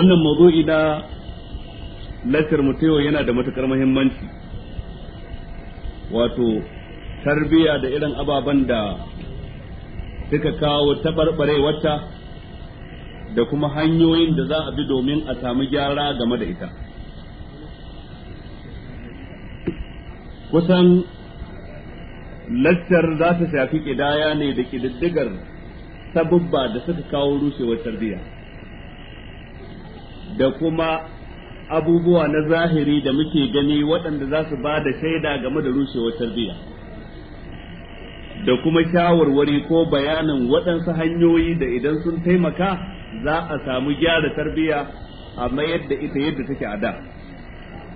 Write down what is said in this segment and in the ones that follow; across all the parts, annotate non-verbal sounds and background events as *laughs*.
wannan mawdu'i na lasar yau yana da matukar mahimmanci wato tarbiyya da irin ababen da suka kawo taɓarɓarewarta da kuma hanyoyin da za a bi domin a sami gyara game da ita kusan lasar za ta shafi ƙidaya ne da ƙididdigar sabubba da suka kawo rushewar tarbiyya da kuma abubuwa na zahiri da muke gani waɗanda za su ba da shaida game da rushewar tarbiyya da kuma shawarwari ko bayanin waɗansu hanyoyi da idan sun taimaka za a samu gyara tarbiyya a mayar ita yadda take a da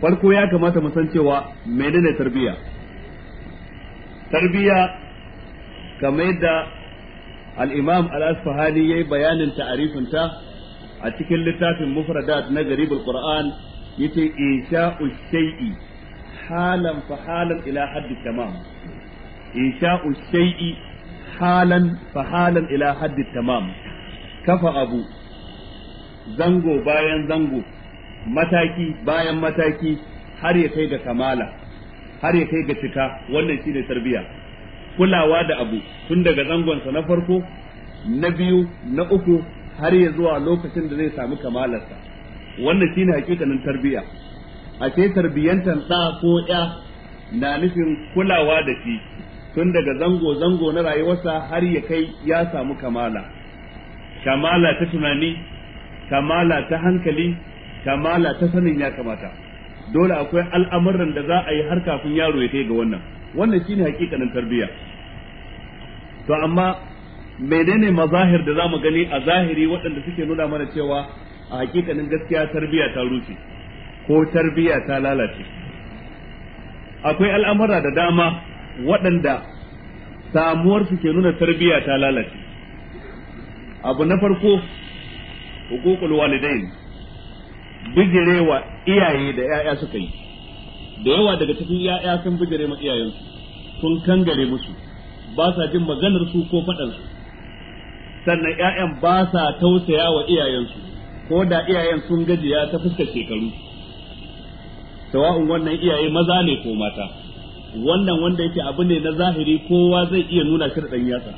farko ya kamata mu san cewa menene tarbiyya tarbiyya kamar yadda al-imam al-asfahani yayi bayanin ta'arifinta a cikin littafin mufradat na garibul qur'an yace insha'u shay'i halan fa halan ila haddi tamam insha'u shay'i halan fa halan ila haddi tamam kafa abu zango bayan zango mataki bayan mataki har ya kai ga kamala har ya kai ga cika wannan shine tarbiya kulawa da abu tun daga zangonsa na farko na biyu na uku har ya zuwa lokacin da zai sami kamalarsa wannan shine hakikanin tarbiyya a ce tarbiyyantar ɗa ko ya na nufin kulawa da shi tun daga zango zango na rayuwarsa har ya kai ya samu kamala kamala ta tunani kamala ta hankali kamala ta sanin ya kamata dole akwai al'amuran da za a yi har kafin yaro ya kai ga wannan wannan shine hakikanin tarbiyya to amma menene mazahir da zamu gani a zahiri waɗanda suke nuna mana cewa a hakikanin gaskiya tarbiya ta rufe ko tarbiya ta lalace akwai al'amura da dama waɗanda samuwar su ke nuna tarbiya ta lalace abu na farko hukukul walidain bijirewa iyaye da 'ya'ya suka yi da yawa daga cikin 'ya'ya sun bijire ma iyayensu sun kangare musu ba sa jin maganar su ko faɗansu sannan ƴaƴan ba sa tausaya wa iyayensu ko da iyayen sun gajiya ta fuskar shekaru sawa'un wannan iyaye maza ne ko mata wannan wanda yake abu ne na zahiri kowa zai iya nuna shi da yatsa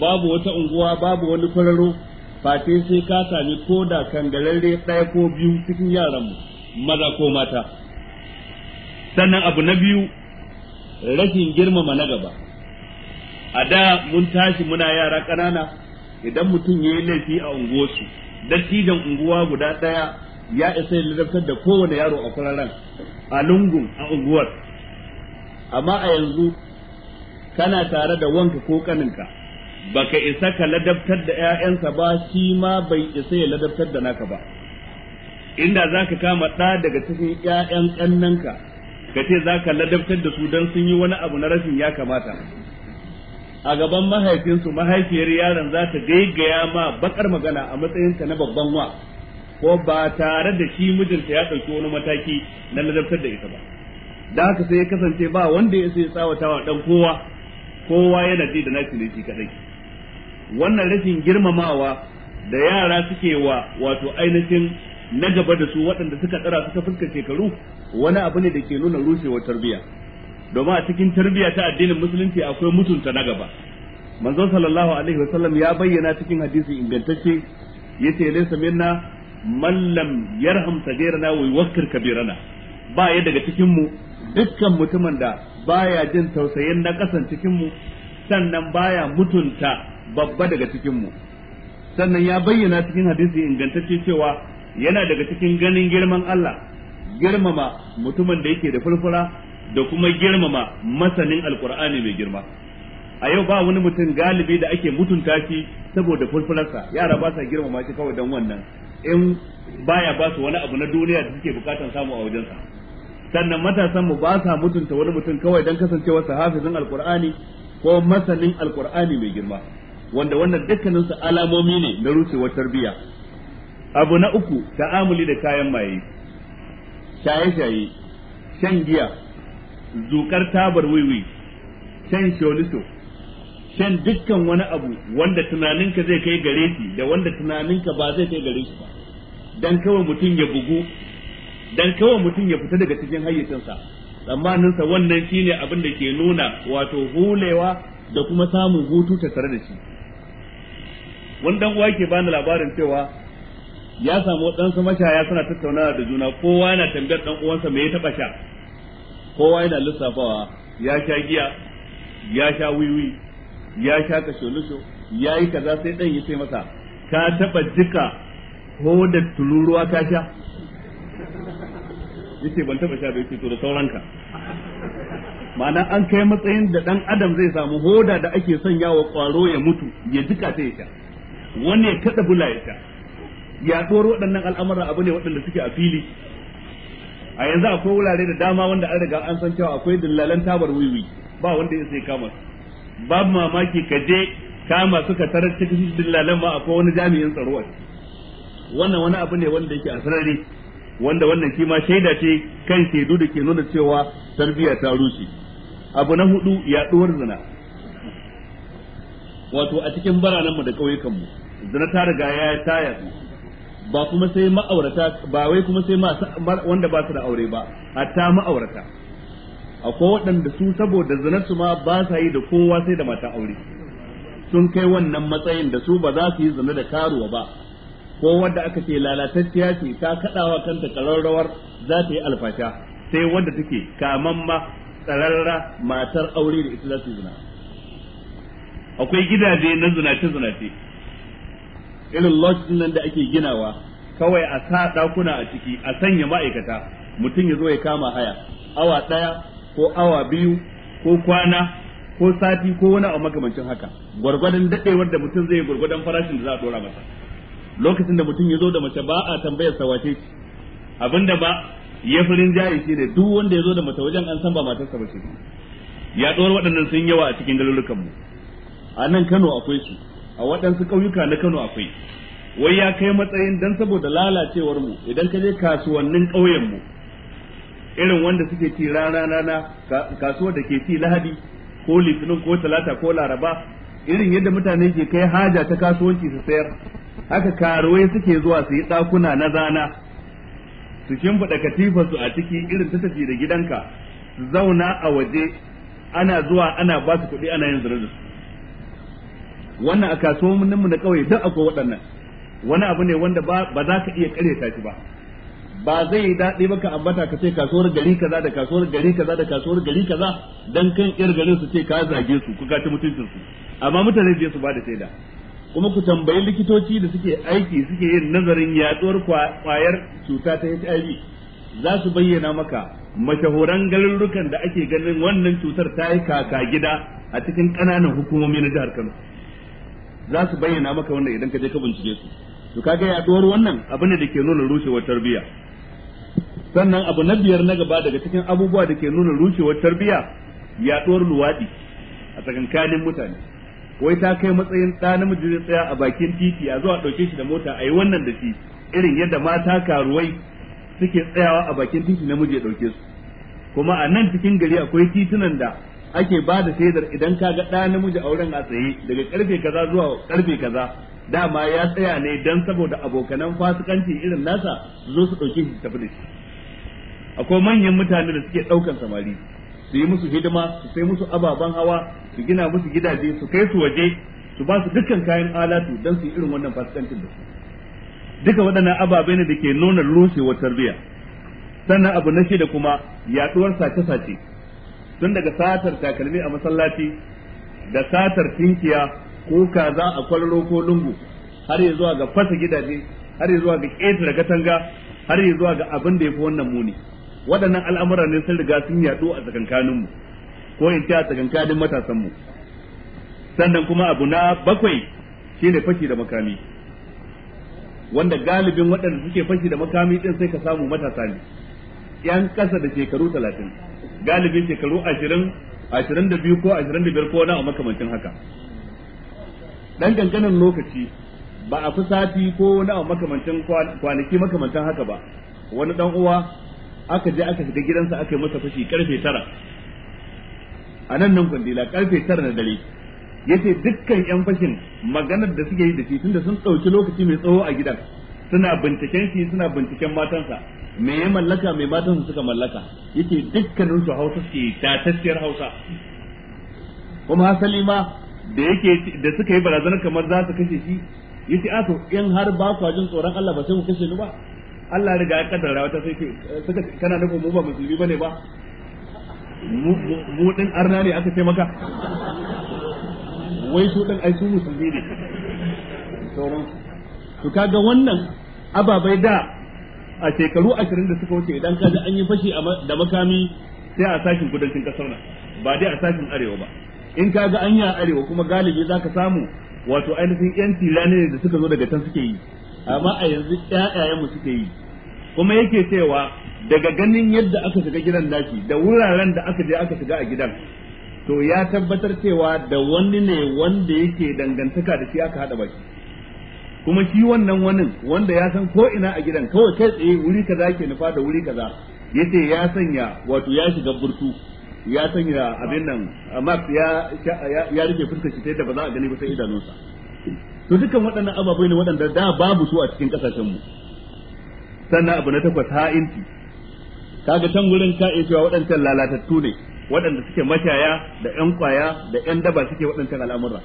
babu wata unguwa babu wani kwararo fate sai ka sami ko da kangararre ɗaya ko biyu cikin yaranmu maza ko mata sannan abu na biyu rashin girmama na gaba a da mun tashi muna yara ƙanana idan mutum ya yi laifi a unguwarsu dattijan unguwa guda ɗaya ya isa yin ladabtar da kowane yaro a kwararan a lungun a unguwar amma a yanzu kana tare da wanka ko kaninka baka isa ka ladabtar da 'ya'yansa ba shi ma bai isa ya ladabtar da naka ba inda za ka kama ɗa daga cikin 'ya'yan ƙannanka ka ce za ka ladabtar da su don sun yi wani abu na rashin ya kamata a gaban mahaifinsu mahaifiyar yaron za ta gaigaya ma bakar magana a matsayinta na babban wa ko ba tare da shi mijinta ya ɗauki wani mataki na ladabtar da ita ba da haka sai ya kasance ba wanda ya sai tsawatawa dan kowa kowa yana ji da nashi ne shi kadai wannan rashin girmamawa da yara suke wa wato ainihin na gaba da su waɗanda suka tsara suka fuska shekaru wani abu ne da ke nuna rushewar tarbiyya domin a cikin tarbiyya ta addinin musulunci akwai mutunta na gaba manzo sallallahu alaihi wasallam ya bayyana cikin hadisi ingantacce yace laysa minna man lam yarham sagirana wa yuwakkir kabirana ba ya daga cikin mu dukkan mutumin da baya jin tausayin na kasan cikin mu sannan baya mutunta babba daga cikin mu sannan ya bayyana cikin hadisi ingantacce cewa yana daga cikin ganin girman Allah girmama mutumin da yake da furfura da kuma girmama masanin alkur'ani mai girma a yau ba wani mutum galibi da ake mutunta shi saboda fulfularsa yara ba sa girmama shi kawai don wannan in baya ba su wani abu na duniya da suke bukatan samu a wajensa sannan matasan mu ba sa mutunta wani mutum kawai don kasancewarsa hafizin alkur'ani ko masanin alkur'ani mai girma wanda wannan dukkanin su alamomi ne na rushewar tarbiyya abu na uku ta'amuli da kayan maye shaye-shaye shan giya zukar tabar wiwi shan sholiso shan dukkan wani abu wanda tunaninka zai kai gare shi da wanda tunaninka ba zai kai gare shi ba dan kawai mutum ya bugu dan kawai mutum ya fita daga cikin hayyacinsa tsammaninsa wannan shine abin da ke nuna wato hulewa da kuma samun hutu tare da shi wanda uwa ke bani labarin cewa ya samu ɗansa mashaya suna tattaunawa da juna kowa yana tambayar ɗan uwansa me ya taɓa sha kowa yana lissafawa ya sha giya ya sha wiwi ya sha kasholusho ya yi kaza sai dan ya ce masa ka taba jika ko da tururuwa ka sha yace ban taba sha bai ce to da sauranka ma'ana an kai matsayin da dan adam zai samu hoda da ake sanya wa kwaro ya mutu ya jika sai ya sha wani ya kada bula ya sha waɗannan al'amura abu ne waɗanda suke a fili a yanzu akwai wurare da dama wanda an riga an san cewa akwai dillalan tabar wiwi ba wanda ya sai kama babu mamaki ka je kama suka tarar cikin dillalan ma akwai wani jami'in tsaro a wannan wani abu ne wanda yake a sarari wanda wannan shi ma shaida ce kan shaidu da ke nuna cewa tarbiyya ta rushe abu na hudu yaduwar zina wato a cikin mu da ƙauyukanmu zina ta riga ya ta yadu ba kuma sai ma'aurata ba wai kuma sai wanda ba su da aure ba hatta ma'aurata akwai waɗanda su saboda zinarsu ma ba sa yi da kowa sai da mata aure sun kai wannan matsayin da su ba za su yi zina da karuwa ba ko wanda aka ce lalatacciya ce ta kaɗawa kanta ƙararrawar za ta yi alfasha sai wadda take ma tsararra matar aure da ita za su yi zina akwai gidaje na zinace-zinace irin lodge din nan da ake ginawa kawai a sa dakuna a ciki a sanya ma'aikata mutum ya zo ya kama haya awa daya ko awa biyu ko kwana ko sati ko wani abu makamancin haka gwargwadon dadewar da mutum zai yi gwargwadon farashin da za a dora masa lokacin da mutum ya zo da mace ba a tambayar sa ce abinda ba ya firin shi ne duk wanda ya zo da mace wajen an san ba matarsa ba ce ya ɗora waɗannan sun yawa a cikin galulukan mu a nan Kano akwai su a waɗansu ƙauyuka na Kano akwai wai ya kai matsayin dan saboda lalacewar mu idan ka je kasuwannin ƙauyen mu irin wanda suke ci rana rana kasuwar da ke ci Lahadi ko Litinin ko Talata ko Laraba irin yadda mutane ke kai haja ta kasuwanci su sayar haka karuwai suke zuwa su yi ɗakuna na zana su shimfiɗa su a ciki irin ta tafi da gidanka su zauna a waje ana zuwa ana ba su kuɗi ana yin zirin su wannan a kasuwannin mu na kauye duk akwai waɗannan wani abu ne wanda ba za ka iya ta shi ba ba zai yi daɗi ba ka ambata ka ce kasuwar gari kaza da kasuwar gari kaza da kasuwar gari kaza dan kan ƴar garin su ce ka zage su ku kaci mutuncin su amma mutane je su ba da shaida kuma ku tambayi likitoci da suke aiki suke yin nazarin yaduwar kwayar cuta ta HIV za su bayyana maka mashahuran garurrukan da ake ganin wannan cutar ta yi kaka gida a cikin ƙananan hukumomi na jihar Kano za su bayyana maka wannan idan ka je ka bincike su to kaga yaduwar wannan abin da ke nuna rushewar tarbiyya sannan abu na biyar na gaba daga cikin abubuwa da ke nuna rushewar tarbiyya yaduwar luwadi a tsakankanin mutane wai ta kai matsayin ɗa namiji zai tsaya a bakin titi a zuwa ɗauke shi da mota a yi wannan da shi irin yadda mata karuwai suke tsayawa a bakin titi namiji ya dauke su kuma a nan cikin gari akwai titunan da ake ba da shaidar idan ka ga ɗa namiji a wurin a tsaye daga karfe kaza zuwa karfe kaza dama ya tsaya ne dan saboda abokanan fasikanci irin nasa zo su ɗauke shi tafi da shi akwai manyan mutane da suke ɗaukan samari su yi musu hidima su sai musu ababen hawa su gina musu gidaje su kai su waje su ba su dukkan kayan alatu dan su yi irin wannan fasikancin da su duka waɗannan ababe ne da ke nuna rushewar tarbiyya sannan abu na shida kuma yaɗuwar sace-sace tun daga satar takalmi a masallaci da satar tinkiya ko kaza a kwararo ko lungu har ya zuwa ga fasa gidaje har ya zuwa ga ƙetare katanga har ya zuwa ga abin da ya fi wannan muni waɗannan al'amura ne sun riga sun yaɗu a mu, ko in ce a tsakankanin mu. sannan kuma abu na bakwai shine fashi da makami wanda galibin waɗanda suke fashi da makami ɗin sai ka samu matasa ne yan kasa da shekaru talatin galibi shekaru ashirin ashirin da biyu ko ashirin da biyar ko na a makamancin haka dan kankanin lokaci ba a fi sati ko na a makamancin kwanaki makamancin haka ba wani dan uwa aka je aka shiga gidansa aka yi masa fashi karfe tara a nan nan kwandila karfe tara na dare yace dukkan yan fashin maganar da suke yi da shi tunda sun ɗauki lokaci mai tsawo a gidan suna binciken shi suna binciken matansa me ya mallaka mai matan suka mallaka yake dukkanin su Hausa suke tatacciyar Hausa kuma hasali ma da yake da suka yi barazanar kamar za su kashe shi yace a ah, to in har ba ku jin tsoron Allah ba sai ku kashe ni ba Allah riga ya kaddara wata sai ke suka kana nufin mu ba musulmi bane ba mu din arna ne aka taimaka wai su din ai su musulmi ne sauran to kaga wannan ababai da a shekaru ashirin da suka wuce idan ka an yi fashi da makami sai a sashin kudancin kasar nan ba dai a sashin arewa ba in ka ga an yi a arewa kuma galibi za ka samu wato ainihin yan tirani ne da suka zo daga can suke yi amma a yanzu ƴaƴayen suke yi kuma yake cewa daga ganin yadda aka shiga gidan daki da wuraren da aka je aka shiga a gidan to ya tabbatar cewa da wani ne wanda yake dangantaka da shi aka hada baki kuma shi wannan wani wanda ya san ko ina a gidan kawai kai tsaye wuri kaza ke nufa da wuri kaza yace ya sanya wato ya shiga burtu ya sanya abin nan A ya ya rike fuskar shi sai da ba za a gani ba sai idanunsa to dukkan waɗannan ababai ne waɗanda da babu su a cikin kasashen mu sannan abu na takwas ha'inci kaga can gurin ka iya cewa waɗancan lalatattu ne waɗanda suke mashaya da ƴan kwaya da ƴan daba suke waɗancan al'amura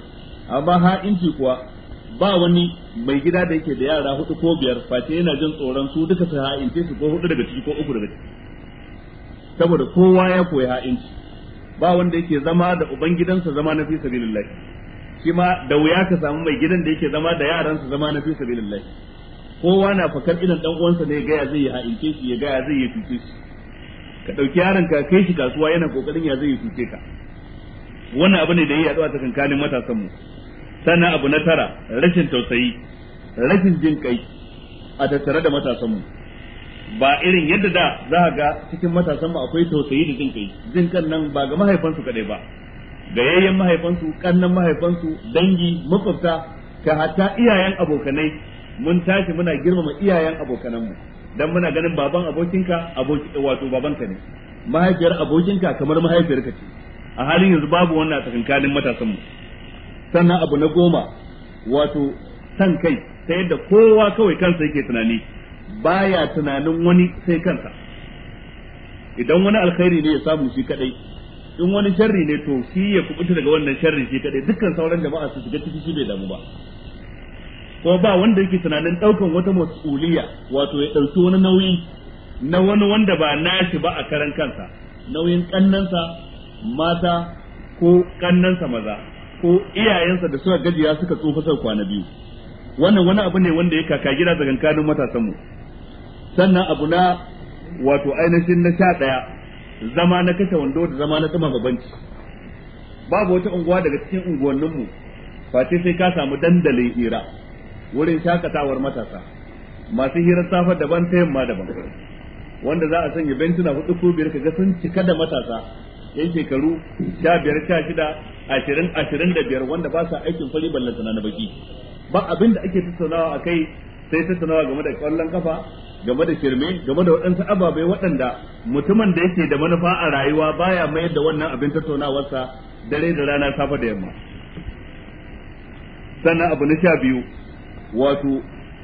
amma ha'inci kuwa ba wani mai gida da yake da yara hudu ko biyar face yana jin tsoron su duka su ha'ince su ko hudu daga ciki ko uku daga ciki saboda kowa ya koyi ha'inci ba wanda yake zama da ubangidansa zama na fi sabilillah shi ma da wuya ka samu mai gidan da yake zama da yaransa zama na fi sabilillah kowa na fakar idan dan uwansa ne ga ya zai yi ha'ince shi ya ga ya zai yi fice shi ka dauki yaron ka kai shi kasuwa yana kokarin ya zai yi fice ka wannan abu ne da yi yaduwa ta kankanin matasan mu sannan abu na tara rashin tausayi rashin jin kai a tattare da matasanmu ba irin yadda da za ga cikin matasanmu akwai tausayi da jin kai jin kan nan ba ga mahaifansu kadai ba ga yayyen mahaifansu kannan mahaifansu dangi makwabta ka hatta iyayen abokanai mun tashi muna girmama iyayen abokananmu dan muna ganin baban abokinka aboki wato babanka ne mahaifiyar abokinka kamar mahaifiyarka ce a halin yanzu babu wannan tsakankanin matasanmu sannan abu na goma wato san kai ta yadda kowa kawai kansa yake tunani baya tunanin wani sai kansa idan wani alkhairi ne ya samu shi kadai in wani sharri ne to shi ya kubuta daga wannan sharri shi kadai dukkan sauran jama'a su shiga ciki shi bai damu ba ko ba wanda yake tunanin daukan wata mas'uliya wato ya dauki wani nauyi na wani wanda ba nashi ba a karan kansa nauyin kannansa mata ko kannansa maza ko iyayensa da suka gajiya suka tsufa sau kwana biyu wannan wani abu ne wanda ya kaka gida daga kanin matasan sannan abu na wato ainihin na sha ɗaya zama na kashe wando da zama na sama babanci babu wata unguwa daga cikin unguwanninmu face sai ka samu dandalin hira wurin shakatawar matasa masu hirar safar daban ta yamma daban wanda za a sanya bentuna hudu ko biyar ka ga sun cika da matasa yan shekaru sha biyar sha shida ashirin da biyar wanda ba sa aikin fari ballantana na baki ba abin da ake tattaunawa a kai sai tattaunawa game da kwallon kafa game da shirme game da waɗansu ababai waɗanda mutumin da yake da manufa a rayuwa baya mayar da wannan abin tattaunawarsa dare da rana safa da yamma sannan abu na sha biyu wato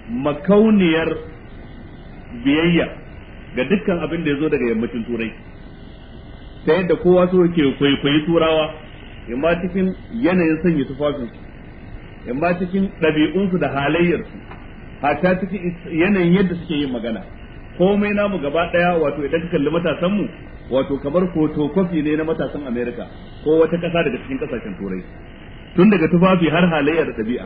makauniyar biyayya ga dukkan abin da ya zo daga yammacin turai ta yadda kowa so ke kwaikwayi turawa in ma cikin yanayin sanya tufafin in ma cikin ɗabi'unsu da halayyar su ta cikin yanayin yadda suke yin magana komai namu gaba ɗaya wato idan ka kalli matasan wato kamar fotokofi ne na matasan America ko wata ƙasa daga cikin ƙasashen turai tun daga tufafi har halayya da ɗabi'a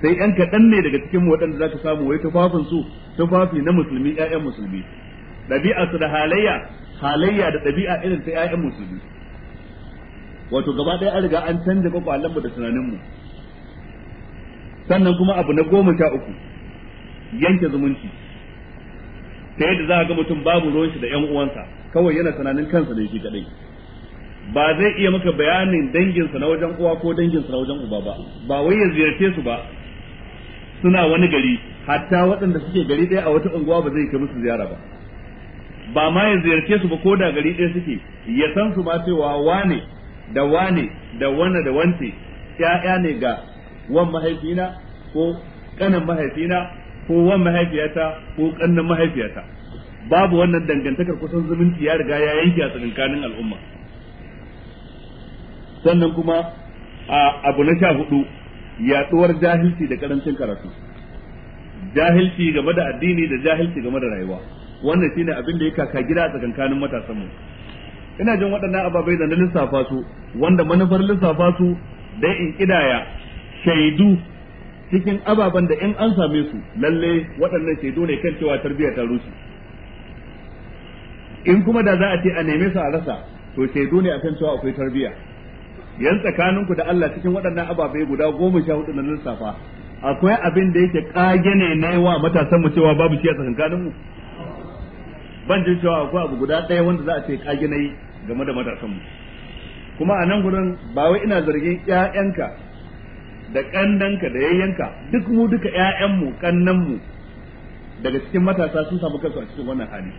sai yan kaɗan ne daga cikin waɗanda za ka samu wai tufafinsu tufafi na musulmi ƴaƴan musulmi ɗabi'a su da halayya halayya da ɗabi'a irin ta ƴaƴan musulmi wato gaba ɗaya an riga an canza kwakwalen da tunanin mu sannan kuma abu na goma sha uku yanke zumunci ta yadda za a ga mutum babu ruwan shi da yan uwansa kawai yana tunanin kansa da shi kaɗai. ba zai iya maka bayanin danginsa na wajen uwa ko danginsa na wajen uba ba ba wai ya ziyarce su ba suna wani gari hatta waɗanda suke gari ɗaya a wata unguwa ba zai kai musu ziyara ba ba ma ya ziyarce su ba ko da gari ɗaya suke ya san su ma cewa wane da wane da wane da wance 'ya'ya ne ga wan mahaifina ko kanan mahaifina ko wan mahaifiyata ko kannan mahaifiyata babu wannan dangantakar kusan zumunci ya riga ya yanke a tsakankanin al'umma sannan kuma a abu na sha hudu yaduwar jahilci da karancin karatu jahilci game da addini da jahilci game da rayuwa wannan shine abin da ya kaka gida a tsakankanin matasan mu ina jin waɗannan ababai da na lissafa su wanda manufar lissafa su dai in kidaya shaidu cikin ababen da in an same su lalle waɗannan shaidu ne kan cewa tarbiyya ta rushe in kuma da za a ce a neme su a rasa to shaidu ne akan cewa akwai tarbiyya yan tsakaninku da Allah cikin waɗannan ababai guda goma sha hudu na lissafa akwai abin da yake kage ne na wa matasan mu cewa babu shi a mu ban jin cewa akwai abu guda ɗaya wanda za a ce kage yi game da matasan mu kuma a nan gurin ba wai ina zargin ƴaƴanka da ƙannanka da yayyanka duk mu duka ƴaƴanmu ƙannanmu daga cikin matasa sun samu kansu a cikin wannan hali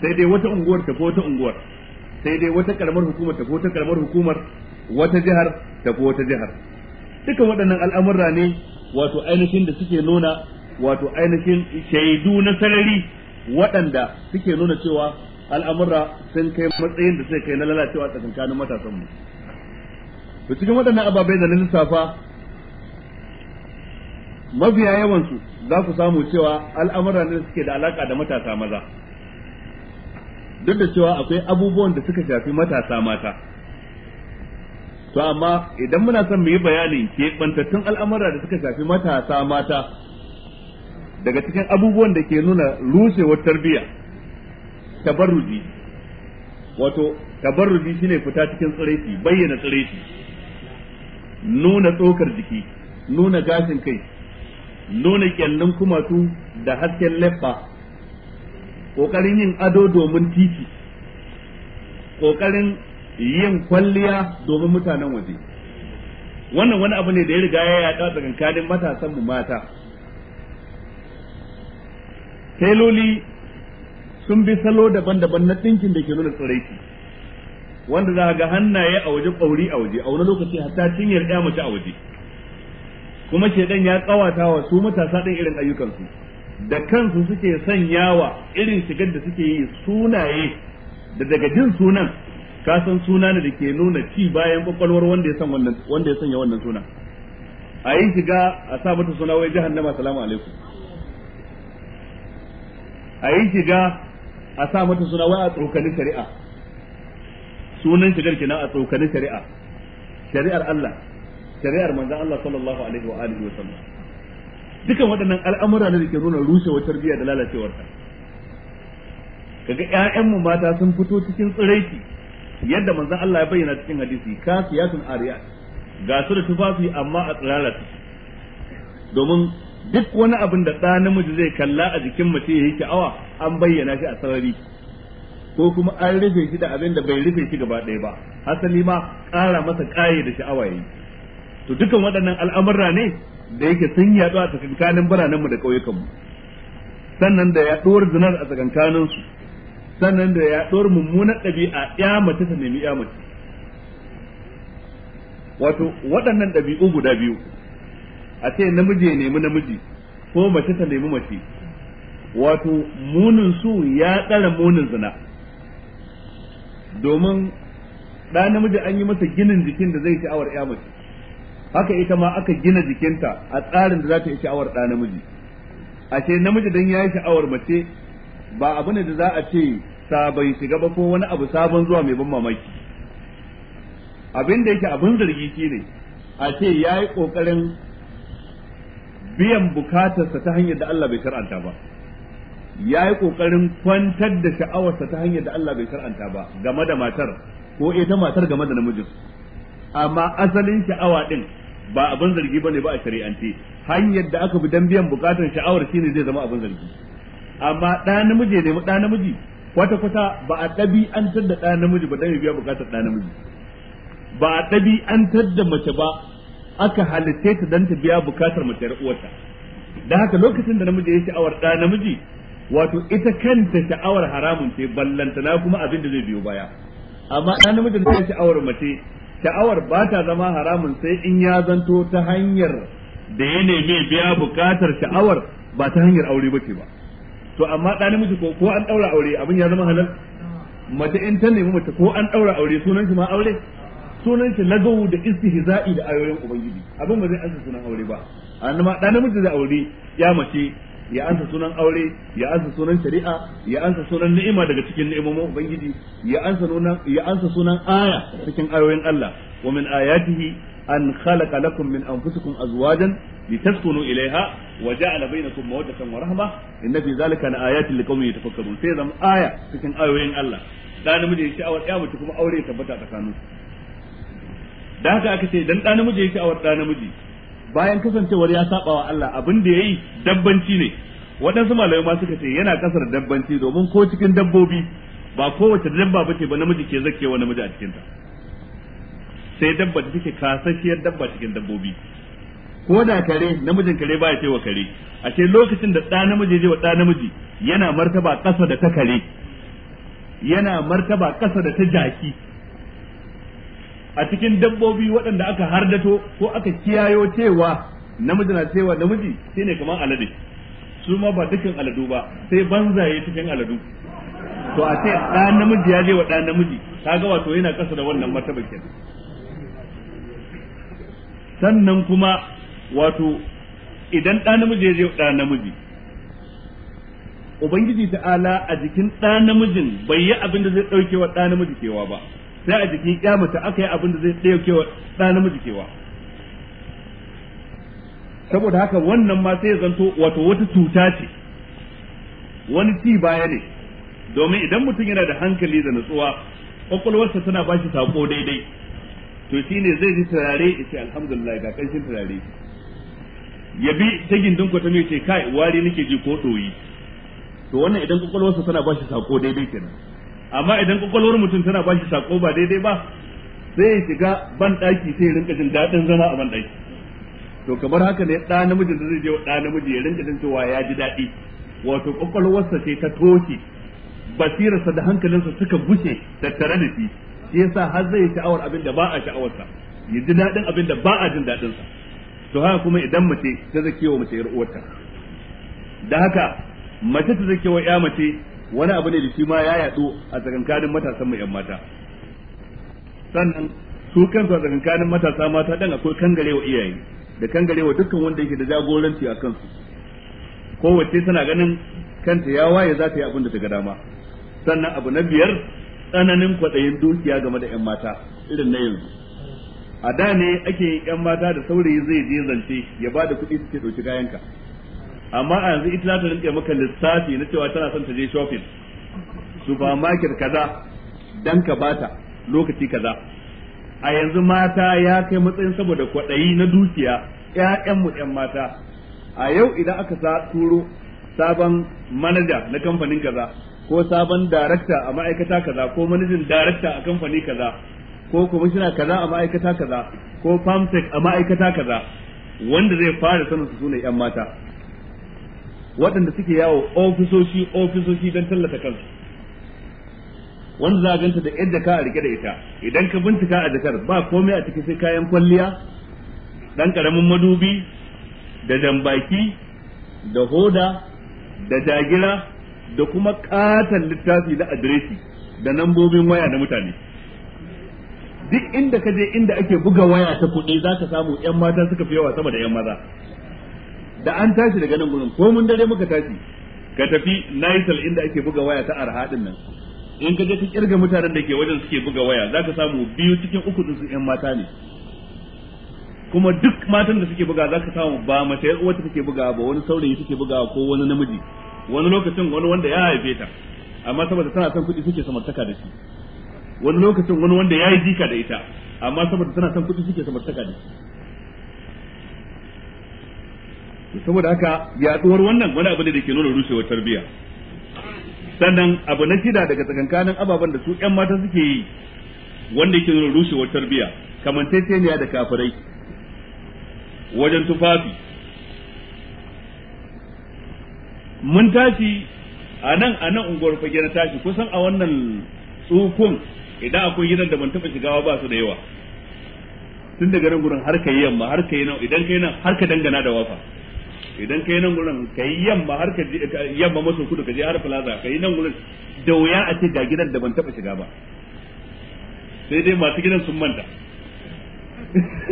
sai dai wata unguwar ta wata unguwar sai dai wata karamar hukumar ta wata karamar hukumar wata jihar ta wata jihar dukan waɗannan al'amurra ne wato ainihin da suke nuna wato ainihin shaidu na sarari waɗanda suke nuna cewa al'amura sun kai matsayin da sai kai na lalacewa tsakankanin matasan mu cikin waɗannan ababai da na lissafa mafiya yawansu za ku samu cewa al'amura ne suke da alaka da matasa maza duk da cewa akwai abubuwan da suka shafi matasa mata to amma idan muna son mu yi bayanin keɓantattun al'amura da suka shafi matasa mata daga cikin abubuwan da ke nuna rushewar tarbiyya tabarruji wato tabarruji shine fita cikin tsiraici bayyana tsiraici nuna tsokar jiki nuna gashin kai nuna kyallin kumatu da hasken leffa ƙoƙarin yin ado domin titi ƙoƙarin yin kwalliya domin mutanen waje wannan wani abu ne da ya riga ya yaɗa tsakankanin matasan mu mata teloli sun bi salo daban-daban na ɗinkin da ke nuna tsiraiki wanda za ga hannaye a waje ƙauri a waje a wani lokaci hatta cinyar ɗaya mace a waje kuma shedan ya tsawata wa su matasa ɗin irin ayyukansu da kansu suke sanyawa irin shigar da suke yi sunaye da daga jin sunan ka san suna ne da ke nuna ci bayan kwakwalwar wanda ya sanya wannan suna a yi shiga a sa mata suna wai jahannama salamu alaikum a yi shiga a sa mata suna wai a tsokani shari'a sunan shigar kenan a tsokani shari'a shari'ar Allah shari'ar manzon Allah sallallahu alaihi wa alihi wa sallam dukan waɗannan al'amura ne da ke nuna rushewar tarbiyya da lalacewarta kaga 'ya'yanmu mata sun fito cikin tsiraiki yadda manzon Allah ya bayyana cikin hadisi kasiyatun ariyat ga su da tufafi amma a tsirara domin duk wani abin da ɗa namiji zai kalla a jikin mace ya yi sha'awa an bayyana shi a sarari ko kuma an rufe shi da abin da bai rufe shi gaba ɗaya ba hasali ma ƙara masa ƙaye da sha'awa yayi to dukan waɗannan al'amurra ne da yake sun yaɗu a tsakankanin biranenmu da ƙauyukanmu sannan da yaɗuwar zinar a tsakankaninsu sannan da yaɗuwar mummunar ɗabi'a ya mace ta nemi ya mace wato waɗannan ɗabi'u guda biyu a ce namiji ya nemi namiji ko mace ta nemi mace wato munin su ya tsara munin zina domin ɗa namiji an yi masa ginin jikin da zai sha'awar ya mace haka ita ma aka gina jikinta a tsarin da za ta yi sha'awar ɗa namiji a ce namiji don ya yi sha'awar mace ba abu ne da za a ce sa bai shiga ba ko wani abu sabon zuwa mai ban mamaki abin da yake abin zargi shine a ce ya yi ƙoƙarin biyan bukatarsa ta hanyar da Allah bai shar'anta ba ya yi ƙoƙarin kwantar da sha'awarsa ta hanyar da Allah bai shar'anta ba game da matar ko ita matar game da namijin amma asalin sha'awa din ba abin zargi bane ba a shari'ance hanyar da aka bi dan biyan bukatar sha'awar shine zai zama abin zargi amma ɗa namiji ne ɗa namiji kwata kwata ba a an da ɗa namiji ba dan biya bukatar ɗa namiji ba a an da mace ba aka halitta ta dan ta biya bukatar mace da uwarta da haka lokacin da namiji ya sha'awar da namiji wato ita kanta sha'awar haramun ce ballanta na kuma abin da zai biyo baya amma dan namiji da ya sha'awar mace sha'awar ba ta zama haramun sai in ya zanto ta hanyar da ya nemi biya bukatar sha'awar ba ta hanyar aure ba ce ba to amma dan namiji ko ko an daura aure abin ya zama halal mace in ta nemi mace ko an daura aure sunan shi ma aure sunan shi lagawu da istihza'i da ayoyin ubangiji abin ba zai ansa sunan aure ba annama dan namiji zai aure ya mace ya ansa sunan aure ya ansa sunan shari'a ya ansa sunan ni'ima daga cikin ni'imomin ubangiji ya ansa sunan ya ansa sunan aya cikin ayoyin Allah wa min ayatihi an khalaqa lakum min anfusikum azwajan litaskunu ilaiha wa ja'ala bainakum mawaddatan wa rahma inna fi zalika la liqaumin yatafakkarun sai zama aya cikin ayoyin Allah da namiji ya sha'awar ya kuma aure ya tabbata tsakaninsu da haka aka ce dan ɗa namiji ya sha'awar ɗa namiji bayan kasancewar ya saba wa Allah abin da yayi dabbanci ne waɗansu malamai ma suka ce yana kasar dabbanci domin ko cikin dabbobi ba kowace dabba bace ba namiji ke wa namiji a cikin ta sai dabba da take kasasshiyar dabba cikin dabbobi ko da kare namijin kare baya ce wa kare a ce lokacin da ɗa namiji je wa ɗa namiji yana martaba ƙasa da ta kare yana martaba ƙasa da ta jaki a cikin dabbobi waɗanda aka hardato ko aka kiyayo cewa namiji na cewa namiji ne kamar alade su ma ba dukkan aladu ba sai banzaye cikin aladu to a ce ɗa namiji ya je wa ɗa namiji kaga wato yana ƙasa da wannan martaba kenan sannan kuma wato idan ɗa namiji ya je wa ɗa namiji ubangiji ta'ala a jikin ɗa namijin bai yi abin da zai ɗauke wa ɗa namiji kewa ba sai a jiki kyamata aka yi abin da zai ɗauke wa ɗa namiji kewa saboda haka wannan ma sai ya zanto wato wata cuta ce wani ci baya ne domin idan mutum yana da hankali da nutsuwa kwakwalwarsa tana ba shi sako daidai to shi ne zai ji turare ya ce alhamdulillah ga ƙanshin turare ya bi ta gindin kwata mai ce kai wari nake ji ko ɗoyi to wannan idan kwakwalwarsa tana ba shi sako daidai kenan amma idan kwakwalwar mutum tana ba shi sako ba daidai ba sai ya shiga ban ɗaki sai ya rinka jin daɗin zama a ban ɗaki to kamar haka ne ɗa namijin da zai je wa ɗa namiji ya rinka jin cewa ya ji daɗi wato kwakwalwarsa ce ta toshe basirarsa da hankalinsa suka gushe tattare da shi shi yasa har zai sha'awar abin da ba a sha'awarsa ya ji daɗin abin da ba a jin daɗinsa to haka kuma idan mace ta zakewa mace yar uwarta da haka mace ta zakewa ya mace wani abu ne da shi ma ya yaɗo a tsakankanin matasan mu yan mata sannan su kansu a tsakankanin matasa mata dan akwai kangarewa iyaye da kangarewa dukkan wanda yake da jagoranci a kansu kowace tana ganin kanta ya waye za ta yi abin da ta ga dama sannan abu na biyar tsananin kwaɗayin dukiya game da 'yan mata irin na yanzu a da ne ake 'yan mata da saurayi zai je zance ya ba da kuɗi suke ɗauki kayanka amma a yanzu ita ta rinke maka lissafi na cewa tana son ta je shopping supermarket kaza dan ka bata lokaci kaza a yanzu mata ya kai matsayin saboda kwaɗayi na dukiya mu ƴan mata a yau idan aka sa turo sabon manaja na kamfanin kaza ko sabon darakta a ma'aikata kaza ko manajin darakta a kamfani kaza ko commissioner kaza a ma'aikata kaza ko farm tech a ma'aikata kaza wanda zai fara sanin su sune yan mata waɗanda suke yawo ofisoshi ofisoshi don tallata kansu wanda za a ganta da yadda ka a rike da ita idan ka bincika a jakar ba komai a ciki sai kayan kwalliya ɗan ƙaramin madubi da jambaki da hoda da jagira da kuma ƙaton littafi da adireti da nambobin waya na mutane duk inda ka je inda ake buga waya ta kuɗi za ka samu 'yan mata suka fi yawa sama da 'yan maza da an tashi daga nan gurin ko mun dare muka tashi ka tafi Naisal inda ake buga waya ta arha din nan in ka je ka kirga mutanen da ke wajen suke buga waya za ka samu biyu cikin uku su yan mata ne kuma duk matan da suke buga za ka samu ba mace yar uwa take buga ba wani saurayi take buga ko wani namiji wani lokacin wani wanda ya haife ta amma saboda tana son kuɗi suke samartaka da shi wani lokacin wani wanda ya yi jika da ita amma saboda tana son kuɗi suke samartaka da shi saboda haka yaduwar wannan wani abu ne da ke nuna rushewar tarbiyya sannan abu na shida daga tsakankanin ababen da su yan mata suke yi wanda yake nuna rushewar tarbiyya kamanceceniya da kafirai wajen tufafi mun tashi a nan a nan unguwar fage na tashi kusan a wannan tsukun idan akwai gidan da ban taɓa shigawa ba su da yawa tun daga nan gurin har ka yi yamma har ka yi nan idan ka yi nan har ka dangana da wafa idan kai nan gurin kai yamma har ka yamma maso kudu ka je har plaza kai nan gurin da wuya a ce ga gidan da ban taba shiga ba sai dai masu gidan sun manta *laughs*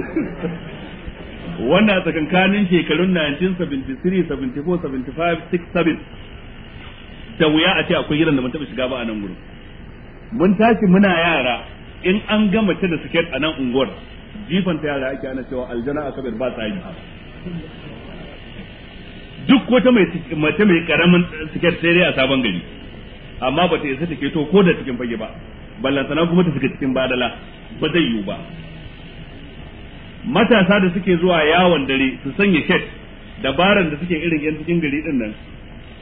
wannan a tsakankanin shekarun 1973 74 75 67 da wuya a ce akwai gidan da ban taba shiga ba a nan gurin mun tashi muna yara in an gama ta da siket a nan unguwar jifan ta yara ake ana cewa aljana a kabir ba yi duk wata mai mace mai karamin siket sai dai a sabon gari amma ba ta isa ta to ko da cikin fage ba ballan sana kuma ta shiga cikin badala ba zai yiwu ba matasa da suke zuwa yawon dare su sanya ket dabaran da suke irin yan cikin gari din nan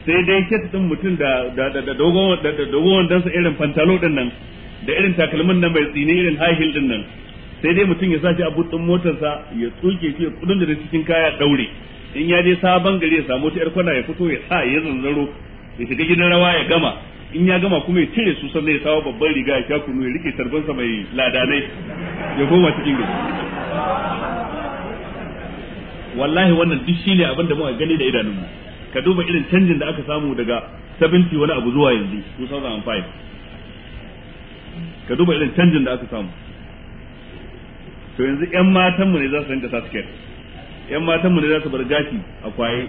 sai dai ket din mutum da da dogon da su irin pantalo din nan da irin takalmin nan mai tsini irin high heel din nan sai dai mutum ya sa shi a butsun motarsa ya tsuke shi ya kudin da cikin kaya daure in ya je sabon gari ya samu wata yar kwana ya fito ya sa ya zanzaro ya shiga gidan rawa ya gama in ya gama kuma ya cire su sannan ya sawo babban riga ya sha kunu ya rike tarbansa mai ladanai ya goma cikin gari wallahi wannan duk shine abin da muka gani da idanunmu ka duba irin canjin da aka samu daga 70 wani abu zuwa yanzu 2005 ka duba irin canjin da aka samu to yanzu yan matanmu ne za su rinka sa skirt yan matan mu ne za su bar gashi a kwaye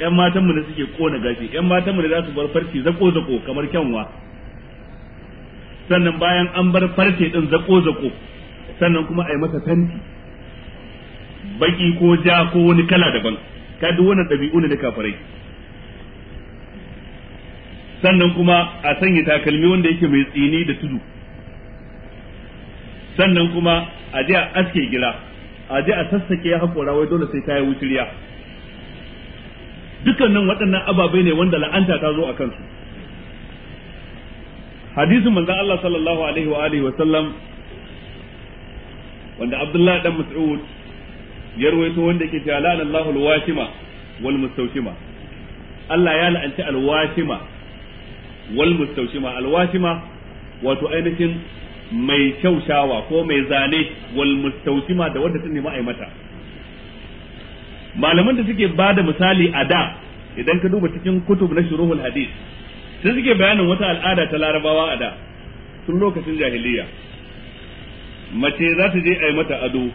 yan matan mu ne suke kona gashi yan matan mu ne za su bar farce zako zako kamar kyanwa sannan bayan an bar farce din zako zako sannan kuma a yi masa tanti baki ko ja ko wani kala daban ka duk wannan ɗabi'u ne na kafirai sannan kuma a sanya takalmi wanda yake mai tsini da tudu sannan kuma a je a aske gila a je a sassake ya hakora wai dole sai ta yi wuciriya dukkanin waɗannan ababai ne wanda la'anta ta zo a kansu hadisin manzon Allah sallallahu alaihi wa alihi wa sallam wanda Abdullahi dan Mas'ud ya rawaito wanda yake cewa la'ana Allahu al-washima wal mustawshima Allah ya la'anci al-washima wal mustawshima al-washima wato ainihin mai kyaushawa ko mai zane wal mustawsima da wanda ta nemi a mata malaman da suke ba da misali a da idan ka duba cikin kutub na shuruhul hadis sai suke bayanin wata al'ada ta larabawa a da tun lokacin jahiliya mace za ta je a mata ado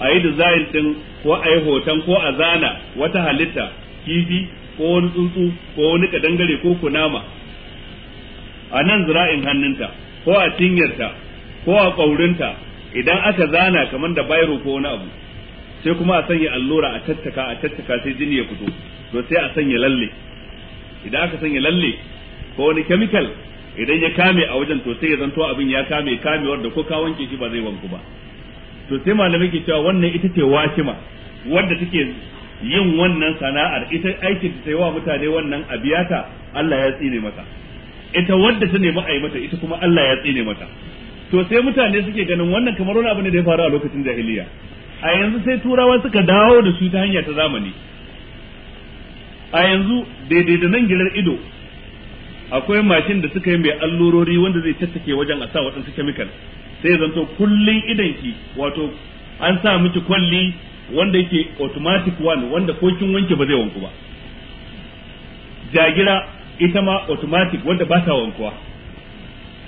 a yi design din ko a yi hoton ko a zana wata halitta kifi ko wani tsuntsu ko wani kadangare ko kunama a nan zira'in hannunta ko a cinyarta ko a ƙaurinta idan aka zana kamar da bairo ko wani abu sai kuma a sanya allura a tattaka a tattaka sai jini ya fito to sai a sanya lalle idan aka sanya lalle ko wani chemical idan ya kame a wajen to sai ya zanto abin ya kame kamewar da ko ka wanke shi ba zai wanku ba to sai malamai ke cewa wannan ita ce wakima wadda take yin wannan sana'ar ita aikin ta yi wa mutane wannan abiyata Allah ya tsine mata ita wadda ta nemi a yi mata ita kuma Allah ya tsine mata to sai mutane suke ganin wannan kamar wani abu ne da ya faru a lokacin jahiliya a yanzu sai turawa suka dawo da su ta hanya ta zamani a yanzu daidai da nan girar ido akwai mashin da suka yi mai allurori wanda zai tattake wajen a sa waɗansu kemikal sai zanto kullun idanki wato an sa miki kwalli wanda yake automatic one wanda ko kin wanke ba zai wanku ba jagira ita ma automatic wanda ba ta wankuwa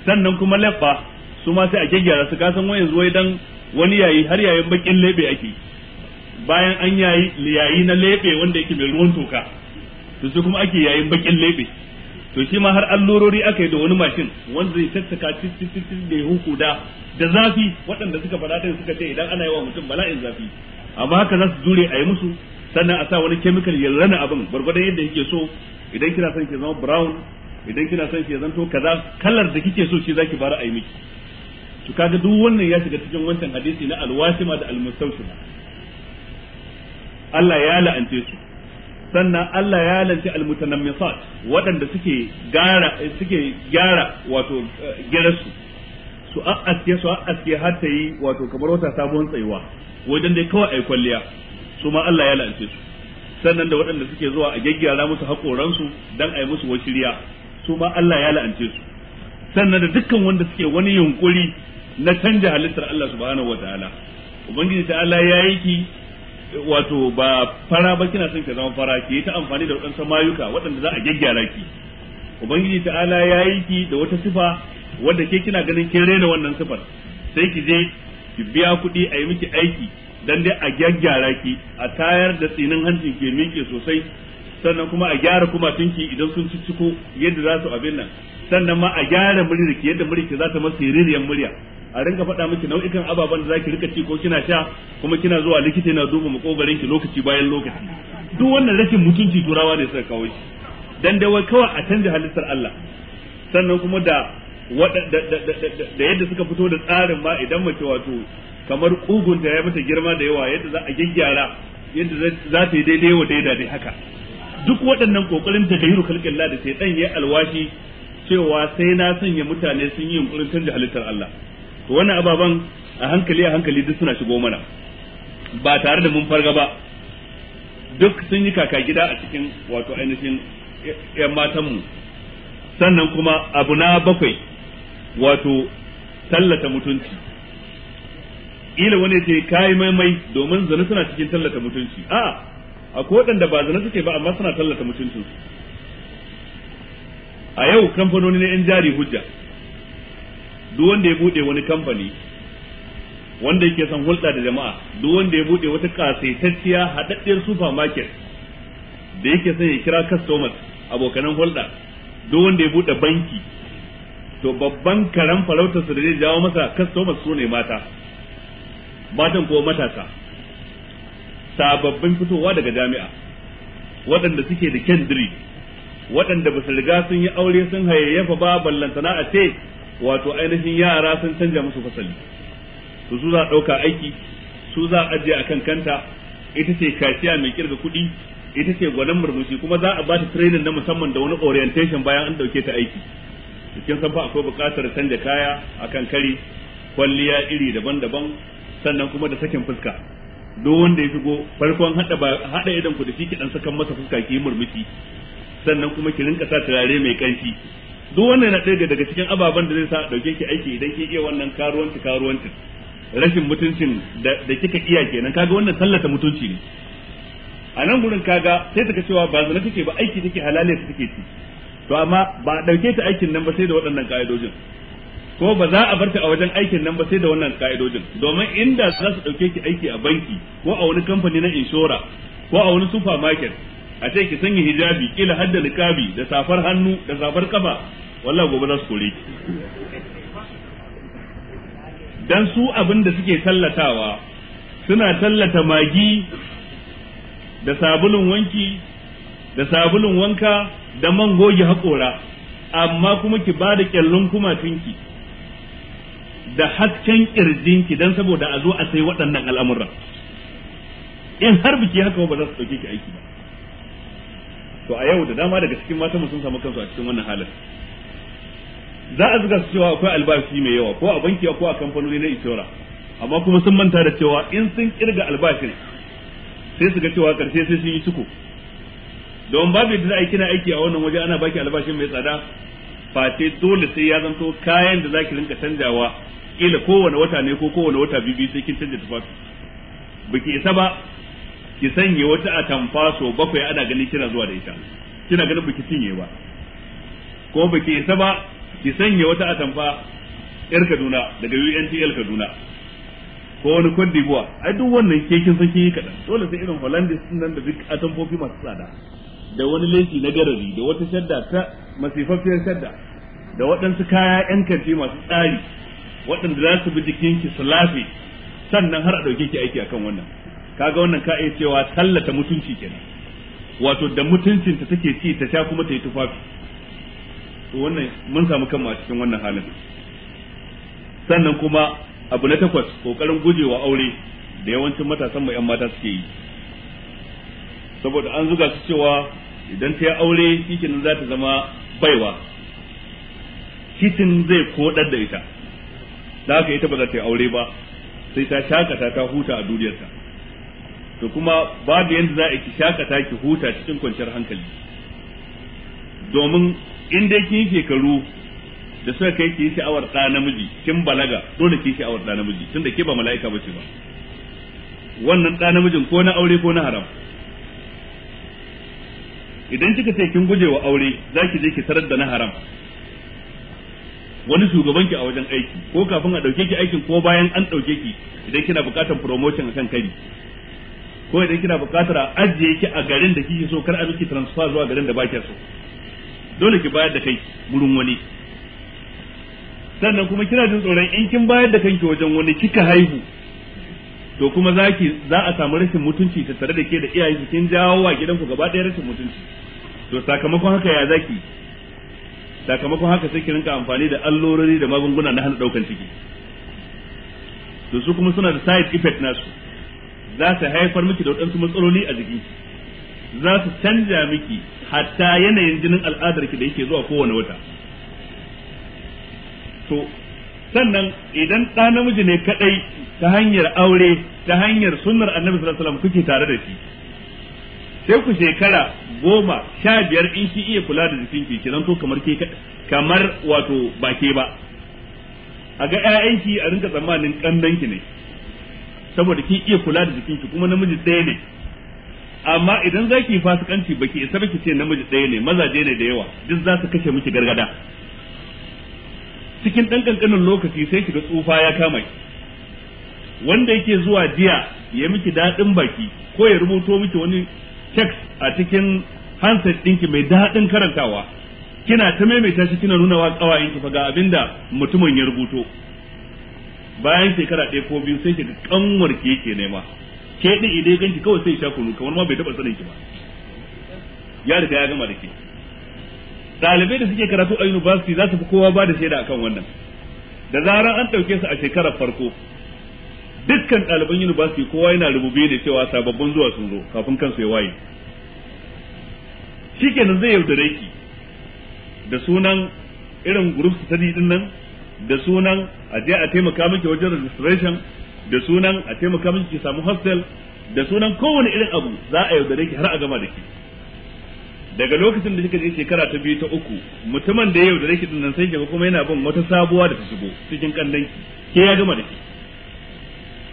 sannan kuma labba su ma sai a gyaggyara su ka san wayan zuwa dan wani yayi har yayin bakin lebe ake bayan an yayi yayi na lebe wanda yake mai ruwan toka to sai kuma ake yayin bakin lebe to shi ma har allurori aka yi da wani mashin wanda zai tattaka tittitit da huku da da zafi waɗanda suka faɗa da suka ce idan ana yi wa mutum bala'in zafi amma haka za su jure a yi musu sannan a sa wani kemikal ya rana abin gwargwadon yadda yake so idan kina son ki zama brown idan kina son ki zanto kaza kalar da kike so shi zaki bara ayi miki to kaga duk wannan ya shiga cikin wancan hadisi na alwasima da almustawsima Allah ya la'ance su sannan Allah ya la'ance almutanammisat waɗanda suke gara suke gyara wato eh, gerasu su a'aske su a'aske har ta yi wato kamar wata sabon tsayuwa wajen dai kawai ai kwalliya su ma Allah ya la'ance su sannan da waɗanda suke zuwa a gyaggyara musu haƙoransu don a yi musu washiriya su ma Allah ya la'ance su sannan da dukkan wanda suke wani yunkuri na canja halittar Allah subhanahu wataala ubangiji ta Allah ya yi ki wato ba fara ba kina son ka zama fara ki ta amfani da waɗansu mayuka waɗanda za a gyaggyara ki ubangiji ta Allah ya yi ki da wata sifa wadda ke kina ganin kin rena wannan sifar sai ki je ki biya kuɗi a yi miki aiki dan dai a gyaggyara ki a tayar da tsinin hancin ke miƙe sosai sannan kuma a gyara kuma kumatunki idan sun cicciko yadda za su abin nan sannan ma a gyara muryarki yadda muryarki za ta masa ririyan murya a rinka faɗa miki nau'ikan ababen da za ki rika ci ko kina sha kuma kina zuwa likita yana duba makogarin ki lokaci bayan lokaci duk wannan rashin mutunci turawa ne suka kawo shi dan dai wai kawai a canja halittar Allah sannan kuma da da yadda suka fito da tsarin ma idan mace wato kamar kugun da ya mata girma da yawa yadda za a gyaggyara yadda za ta yi daidai wa daida dai haka duk waɗannan kokarin da gairu kalkilla da shaytan ya alwashi cewa sai na sanya mutane sun yi yunkurin canja halittar Allah to wannan ababan a hankali a hankali duk suna shigo mana ba tare da mun farga ba duk sun yi kaka gida a cikin wato ainihin yan mu sannan kuma abu na bakwai wato tallata mutunci kila wani ce kai mai domin zane suna cikin tallata mutunci a akwai waɗanda ba zane suke ba amma suna tallata mutuncin su a yau kamfanoni na yan jari hujja duk wanda ya buɗe wani kamfani wanda yake son hulɗa da jama'a duk wanda ya buɗe wata kasaitacciya haɗaɗɗiyar supermarket da yake son ya kira customers abokanan hulɗa duk wanda ya buɗe banki to babban karan su da zai jawo masa customers su ne mata matan ko matasa sababbin fitowa daga jami'a waɗanda suke da kendiri waɗanda ba su riga sun yi aure sun hayayyafa ba ballantana a ce wato ainihin yara sun canja musu fasali to su za a ɗauka aiki su za a ajiye akan kanta ita ce kaciya mai kirga kuɗi ita ce gwanin murmushi kuma za a ba ta training na musamman da wani orientation bayan an ɗauke ta aiki cikin san akwai buƙatar canja kaya akan kari kwalliya iri daban-daban sannan kuma da sakin fuska duk wanda ya shigo farkon hada ba hada idan ku da shi ki dan sakan masa fuska ki murmushi sannan kuma ki rinka sa turare mai kanshi duk wannan na ɗaya daga cikin ababan da zai sa dauke ki aiki idan ki iya wannan karuwanci karuwanci rashin mutuncin da kika iya kenan kaga wannan sallata mutunci ne a nan gurin kaga sai ta cewa ba zina take ba aiki take halale take ci to amma ba dauke ta aikin nan ba sai da waɗannan ka'idojin ko ba za a barta a wajen aikin nan ba sai da wannan ka'idojin domin inda za su dauke ki aiki a banki ko a wani kamfani na inshora ko a wani supermarket a ce ki sanya hijabi kila hadda niqabi da safar hannu da safar kafa wallahi gobe za su kore ki dan su abin da suke tallatawa suna tallata magi da sabulun wanki da sabulun wanka da man goge haƙora amma kuma ki ba da kyallun kumatunki da hasken kirjinki dan saboda a zo a sai waɗannan al'amuran in har biki haka ba za su dauke ki aiki ba to a yau da dama daga cikin mata sun samu kansu a cikin wannan halin za a zuga su cewa akwai albashi mai yawa ko a banki ko a kamfanoni na isora amma kuma sun manta da cewa in sun kirga albashin sai su ga cewa karshe sai sun yi ciko don babu yadda za a yi kina aiki a wannan waje ana baki albashin mai tsada face dole sai ya zanto kayan da zaki rinka canjawa kila kowane wata ne ko kowane wata bibi sai kin canja tufafi baki isa ba ki sanya wata atamfa so bakwai ana gani kina zuwa da ita kina ganin baki cinye ba ko baki isa ba ki sanya wata atamfa yar Kaduna daga UNTL Kaduna ko wani Cote buwa ai duk wannan ke kin san kin yi kadan dole sai irin Hollandis nan da duk atamfofi masu tsada da wani laifi na garari da wata shadda ta masifaffiyar shadda da waɗansu kaya yan kanti masu tsari waɗanda za su bi jikinki su lafi sannan har a ɗauke ki aiki akan wannan kaga wannan ka iya cewa tallata mutunci kenan wato da mutuncinta take ci ta sha kuma ta yi tufafi to wannan mun samu kanmu a cikin wannan halin sannan kuma abu na takwas kokarin gujewa aure da yawancin matasan mu yan mata suke yi saboda an zuga su cewa idan ta yi aure cikin za ta zama baiwa cikin zai kodar da ita da haka ita ba za ta yi aure ba sai ta shakata ta huta a duniyarta to kuma babu yadda za a ki shakata ki huta cikin kwanciyar hankali domin in dai kin shekaru da suka kai ki sha'awar ɗa namiji kin balaga dole ki sha'awar ɗa namiji tunda ke ba mala'ika ba ce ba wannan ɗa namijin ko na aure ko na haram idan kika ce kin guje wa aure za ki je ki tarar da na haram wani shugaban ki a wajen aiki ko kafin a dauke ki aikin ko bayan an dauke ki idan kina bukatar promotion akan kari ko idan kina bukatar a ajiye ki a garin da kike so kar a miki transfer zuwa garin da ba so dole ki bayar da kai gurin wani sannan kuma kina jin tsoron in kin bayar da kanki wajen wani kika haihu to kuma zaki za a samu rashin mutunci tattare da ke da iyayen kin jawo wa gidanku gaba ɗaya rashin mutunci to sakamakon haka ya zaki sakamakon haka sai ki rinka amfani da allurori da magunguna na hana daukan ciki to su kuma suna da side effect nasu za su haifar miki da waɗansu matsaloli a jiki za su canja miki hatta yanayin jinin al'adarki da yake zuwa kowane wata to sannan idan ɗa namiji ne kaɗai ta hanyar aure ta hanyar sunnar annabi sallallahu alaihi wasallam kuke tare da shi sai ku shekara goma sha biyar in ki iya kula da jikin ki kiran to kamar ke kamar wato ba ke ba a ga ki a rinka tsammanin kandan ki ne saboda ki iya kula da jikin ki kuma namiji ɗaya ne amma idan zaki ki fasikanci baki isa ba ki ce namiji ɗaya ne mazaje ne da yawa duk za su kashe miki gargada cikin ɗan ƙanƙanin lokaci sai shiga tsufa ya kama ki wanda yake zuwa jiya ya miki daɗin baki ko ya rubuto miki wani text a cikin handset ɗinki mai daɗin karantawa kina ta maimaita shi kina nuna wa kawayen ki faga abinda mutumin ya rubuto bayan shekara ɗaya ko biyu sai shiga ƙanwar ki yake nema ke ɗin idan ganki kawai sai ya sha kunu kamar ma bai taɓa sanin ki ba ya riga ya gama da ke Dalibai da suke karatu a university za su fi kowa ba da shaida akan wannan da zarar an ɗauke su a shekarar farko dukkan ɗaliban university kowa yana rubube ne cewa sababbin zuwa sun zo kafin kansu ya waye shi kenan zai yaudare ki da sunan irin group study din nan da sunan a je a taimaka miki wajen registration da sunan a taimaka miki ki samu hostel da sunan kowane irin abu za a yaudare ki har a gama da ki daga lokacin da kika je shekara ta biyu ta uku mutumin da yau da rake din nan sai kaga kuma yana bin wata sabuwa da ta shigo cikin kandanki ke ya gama da ke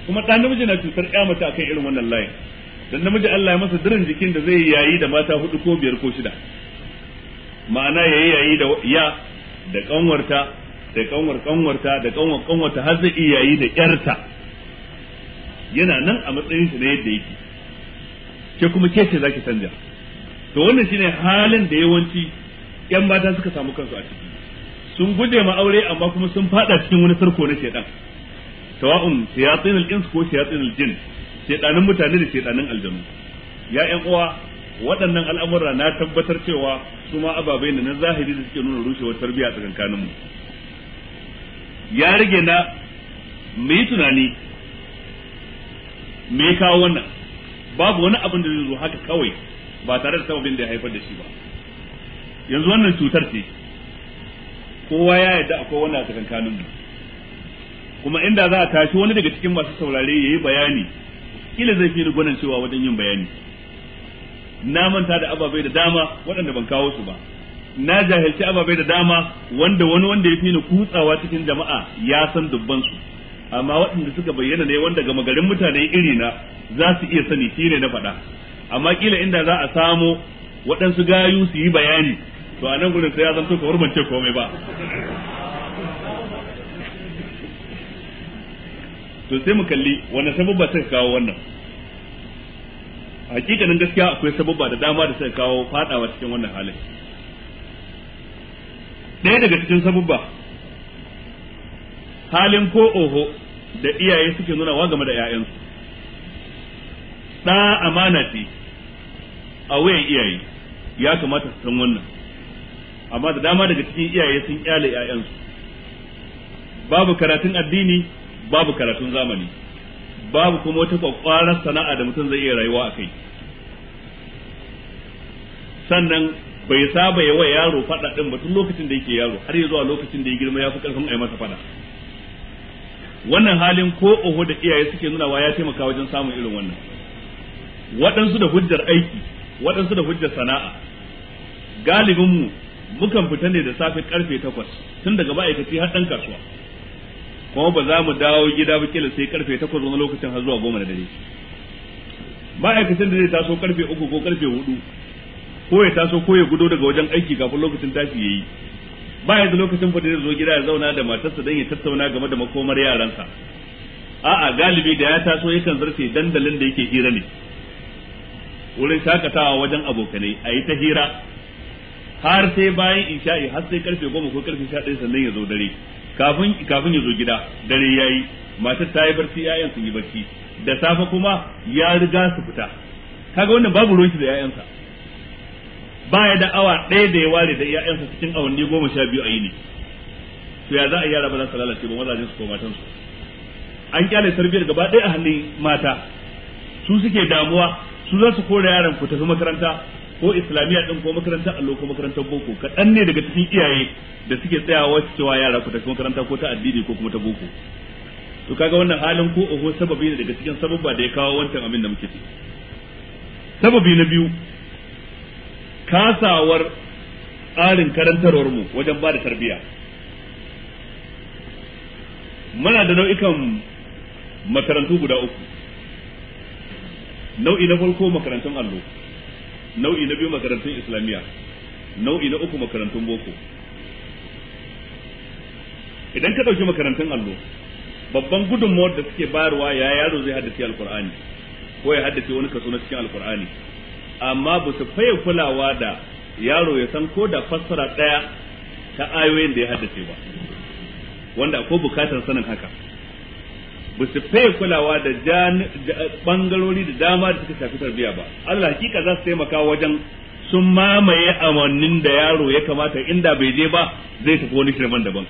kuma ɗan namiji na cutar ƴa mata akan irin wannan layin dan namiji Allah ya masa dirin jikin da zai yayi da mata hudu ko biyar ko shida ma'ana yayi yayi da ya da kanwarta da kanwar kanwarta da kanwar kanwarta har zai iya yayi da ƴarta yana nan a matsayin shi na yadda yake ke kuma ke ce zaki canja to wannan shine halin da yawanci yan mata suka samu kansu a ciki sun guje ma aure amma kuma sun fada cikin wani sarko na shedan tawa'un shayatin al-ins ko shayatin al-jin shedanin mutane da shedanin aljanu ya yan uwa waɗannan al'amura na tabbatar cewa su ma ababai ne na zahiri da suke nuna rushewar tarbiyya tsakankanin mu ya rage na mu yi tunani me kawo wannan babu wani abin da zai zo haka kawai ba tare da sababin da ya haifar da shi ba yanzu wannan cutar ce kowa ya yarda akwai wani a tsakankanin mu kuma inda za a tashi wani daga cikin masu saurare yi bayani kila zai fi gwanin cewa wajen yin bayani na manta da ababe da dama waɗanda ban kawo su ba na jahilci ababe da dama wanda wani wanda ya fi ni kutsawa cikin jama'a ya san dubban su amma waɗanda suka bayyana ne wanda gama garin mutane irina za su iya sani shi ne na faɗa amma kila inda za a samo waɗansu gayu su yi bayani to a nan gudun sai ya zanto ka ban ce komai ba to sai mu kalli wanda sababba suka kawo wannan hakikanin gaskiya akwai sababba da dama da suka kawo fadawa cikin wannan halin ɗaya daga cikin sababba halin ko oho da iyaye suke nuna wa game da 'ya'yansu ɗa amana ce a wayan iyaye ya kamata su san wannan amma da dama daga cikin iyaye sun kyale ƴaƴansu babu karatun addini babu karatun zamani babu kuma wata kwakwaran sana'a da mutum zai iya rayuwa a kai sannan bai saba yawa yaro faɗa ɗin ba tun lokacin da yake yaro har ya zuwa lokacin da ya girma ya fi ƙarfin a yi masa faɗa wannan halin ko oho da iyaye suke nuna wa ya taimaka wajen samun irin wannan waɗansu da hujjar aiki waɗansu da hujjar sana'a galibin mu mukan fita ne da safe karfe takwas tun daga ma'aikaci har ɗan kasuwa kuma ba za mu dawo gida ba kila sai karfe takwas wani lokacin har zuwa goma da dare ma'aikacin da zai taso karfe uku ko karfe hudu ko ya taso ko ya gudo daga wajen aiki kafin lokacin tashi ya yi ba yanzu lokacin fa da zai zo gida ya zauna da matarsa don ya tattauna game da makomar yaransa a'a galibi da ya taso yakan zarce dandalin da yake hira ne wurin shakatawa wajen abokanai a yi ta hira har sai bayan in isha'i har sai karfe goma ko karfe sha ɗaya sannan ya zo dare kafin kafin ya zo gida dare ya yi matar ta yi barci yayan sun yi barci da safe kuma ya riga su fita kaga wannan babu ruwan shi da yayansa baya da awa ɗaya da ya ware da yayansa cikin awanni goma sha biyu a yini to ya za a yara ba za su lalace ba mazajen su ko matansu an kyale tarbiyyar gaba ɗaya a hannun mata su suke damuwa su za su kore yaran ku tafi makaranta ko islamiyya din ko makaranta allo ko makarantar boko kaɗan ne daga cikin iyaye da suke tsayawa su cewa yara ku tafi makaranta ko ta addini ko kuma ta boko to kaga wannan halin ko oho sababi ne daga cikin sababba da ya kawo wancan abin da muke ci sababi na biyu kasawar tsarin karantarwar mu wajen ba da tarbiyya muna da nau'ikan makarantu guda uku nau'i na farko makarantun allo nau'i na biyu makarantun islamiyya nau'i na uku makarantun boko idan ka ɗauki makarantun allo babban gudunmawar da suke bayarwa ya yaro zai haddace alkur'ani ko ya haddace wani kaso na cikin alkur'ani amma ba su faye kulawa da yaro ya san ko da fassara ɗaya ta ayoyin da ya haddace ba wanda akwai bukatar sanin haka ba su faye kulawa da bangarori da dama da suka shafi tarbiya ba Allah hakika za su taimaka wajen sun mamaye awannin da yaro ya kamata inda bai je ba zai tafi wani shirman daban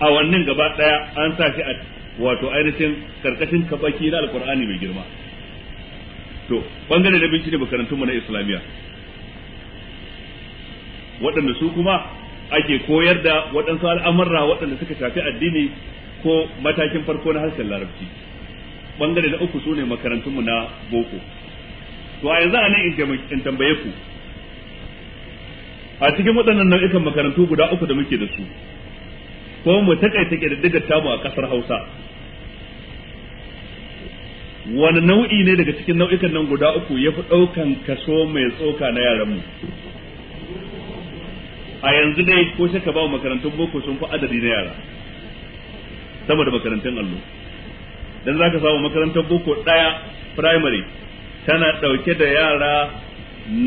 awannin gaba daya an sa shi a wato ainihin karkashin kabaki na alkur'ani mai girma to bangare da bincike makarantunmu na islamiyya waɗanda su kuma ake koyar da waɗansu al'amurra waɗanda suka shafi addini ko matakin farko na harshen larabci bangare na uku sune makarantunmu na boko to a yanzu a nan in tambaye ku a cikin waɗannan nau'ikan makarantu guda uku da muke da su ko mu da ƙididdigar tamu a ƙasar hausa wani nau'i ne daga cikin nau'ikan nan guda uku ya fi ɗaukan kaso mai tsoka na yaranmu a yanzu dai ko shaka ba makarantun boko sun fi adadi na yara sama da makarantun allo dan ka samu makarantar boko daya primary tana dauke da yara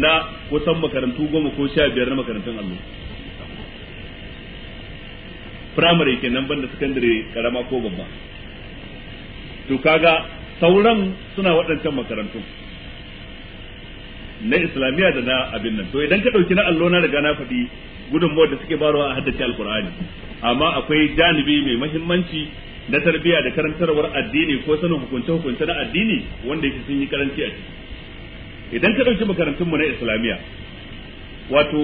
na kusan makarantu goma ko sha biyar na makarantun allo primary kenan banda secondary karama ko babba to kaga sauran suna waɗancan makarantu na islamiyya da na abin nan to idan ka ɗauki na allo na riga na faɗi gudunmawar da suke barowa a haddace alkur'ani amma akwai janibi mai mahimmanci na tarbiyya da karantarwar addini ko sanin hukunce hukunce na addini wanda yake sun yi karanci a ciki idan ka ɗauki makarantun mu na islamiyya wato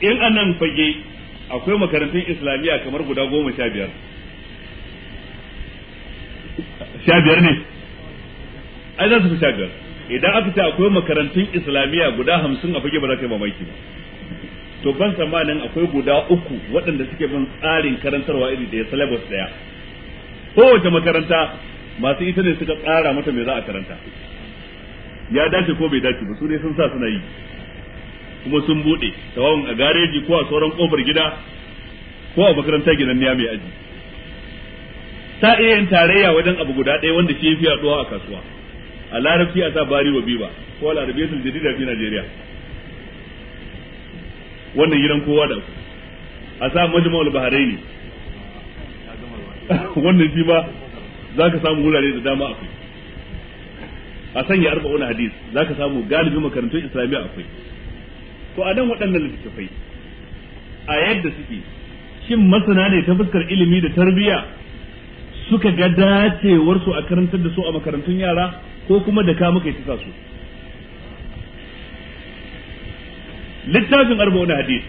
in anan fage akwai makarantun islamiyya kamar guda goma sha biyar sha biyar ne ai za su fi sha biyar idan aka ce akwai makarantun islamiyya guda hamsin a fage ba za ka yi mamaki ba to ban tsammanin akwai guda uku waɗanda suke bin tsarin karantarwa iri da ya syllabus daya kowace makaranta masu ita ne suka tsara mata mai za a karanta ya dace ko bai dace ba su ne sun sa suna yi kuma sun buɗe, tawon a gareji ko a sauran kofar gida ko a makaranta gidan niya mai aji ta iya yin tarayya wajen abu guda ɗaya wanda shi ya fi yaduwa a kasuwa a larabci a sa bari wa biba ko a larabiyatul jadida fi najeriya wannan gidan kowa da a sa baharai ne. *laughs* wannan shi ba za ka samu wurare da dama akwai a sanya wani hadis za ka samu galibin makarantun islamiyya akwai to a nan waɗannan littattafai a yadda suke shin masana ne ta fuskar ilimi da tarbiyya suka ga dacewarsu a karantar da su a makarantun yara ko kuma da ka muka yi su littafin arba'un hadis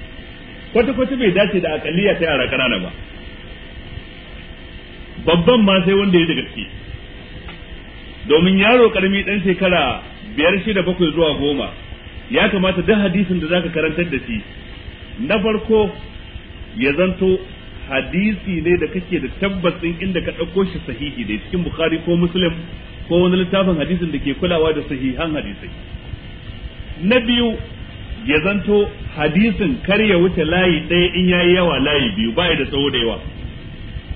kwata kwata bai dace da akaliya ta yara kanana ba babban ma sai wanda ya da gaske domin yaro karami dan shekara biyar shida bakwai zuwa goma ya kamata duk hadisin da zaka karantar da shi na farko ya zanto hadisi ne da kake da tabbas tabbacin inda ka ɗauko shi sahihi da cikin bukhari ko muslim ko wani littafin hadisin da ke kulawa da sahihan hadisai na biyu ya zanto hadisin kar ya wuce layi ɗaya in yayi yawa layi biyu ba da tsawo da yawa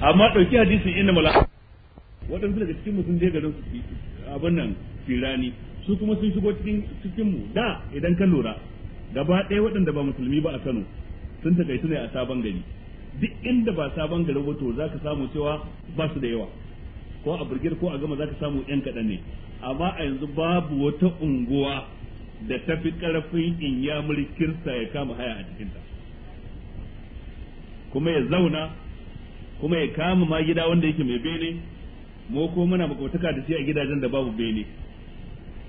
amma ɗauki hadisin inda mala waɗansu daga cikin sun je garin su abin nan firani su kuma sun shigo cikin cikinmu da idan ka lura gaba ɗaya waɗanda ba musulmi ba a Kano sun takaitu ne a sabon gari duk inda ba sabon gari ba to zaka samu cewa ba su da yawa ko a burgir ko a gama zaka samu yan kaɗan ne amma a yanzu babu wata unguwa da tafi karfin in ya mulkinsa ya kama haya a cikinta kuma ya zauna kuma ya kama ma gida wanda yake mai bene mu ko muna makwataka da shi a gidajen da babu bene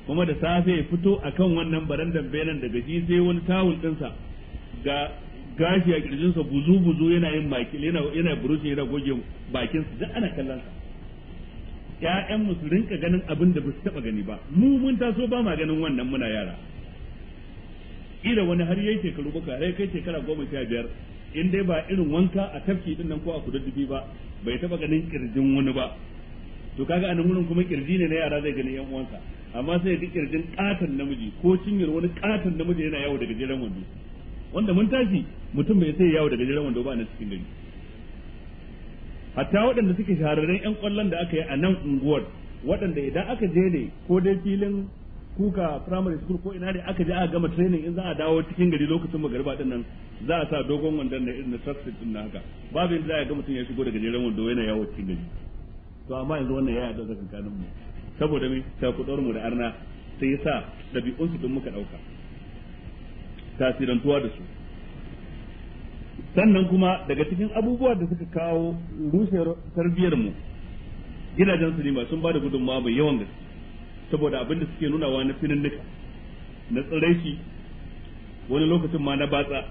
kuma da safe ya fito akan wannan barandan benen da gaji sai wani tawul ɗinsa ga gashi a kirjinsa buzu buzu yana yin makil yana yana burushi yana goge bakinsa duk ana kallon sa ƴaƴan mu su rinka ganin abin da ba su taba gani ba mu mun taso ba ma ganin wannan muna yara ila wani har yayi shekaru baka rai kai shekara goma sha biyar in dai ba irin wanka a tafki din nan ko a kududdufi ba bai taba ganin kirjin wani ba to kaga anan wurin kuma kirji ne na yara zai gani yan uwansa amma sai ga kirjin katon namiji ko cinyar wani katon namiji yana yawo daga jiran wando wanda mun tashi mutum bai sai yawo daga jiran wando ba na cikin gari hatta waɗanda suke shahararren yan kwallon da aka yi a nan unguwar waɗanda idan aka je ne ko dai filin kuka primary school ko ina ne aka je aka gama training in za a dawo cikin gari lokacin magariba din nan za a sa dogon wandon na irin success din na haka babu yadda za a ga mutum ya shigo daga jeren wando yana yawo cikin gari to amma yanzu wannan ya zaka kanin mu saboda me ta kudar mu da arna sai yasa dabi'un su din muka ɗauka tasirantuwa da su sannan kuma daga cikin abubuwa da suka kawo rushe tarbiyyar mu gidajen su nema sun ba da gudunmawa mai yawan gaske saboda abin da suke nuna nunawa na nika na tsiraici wani lokacin ma na batsa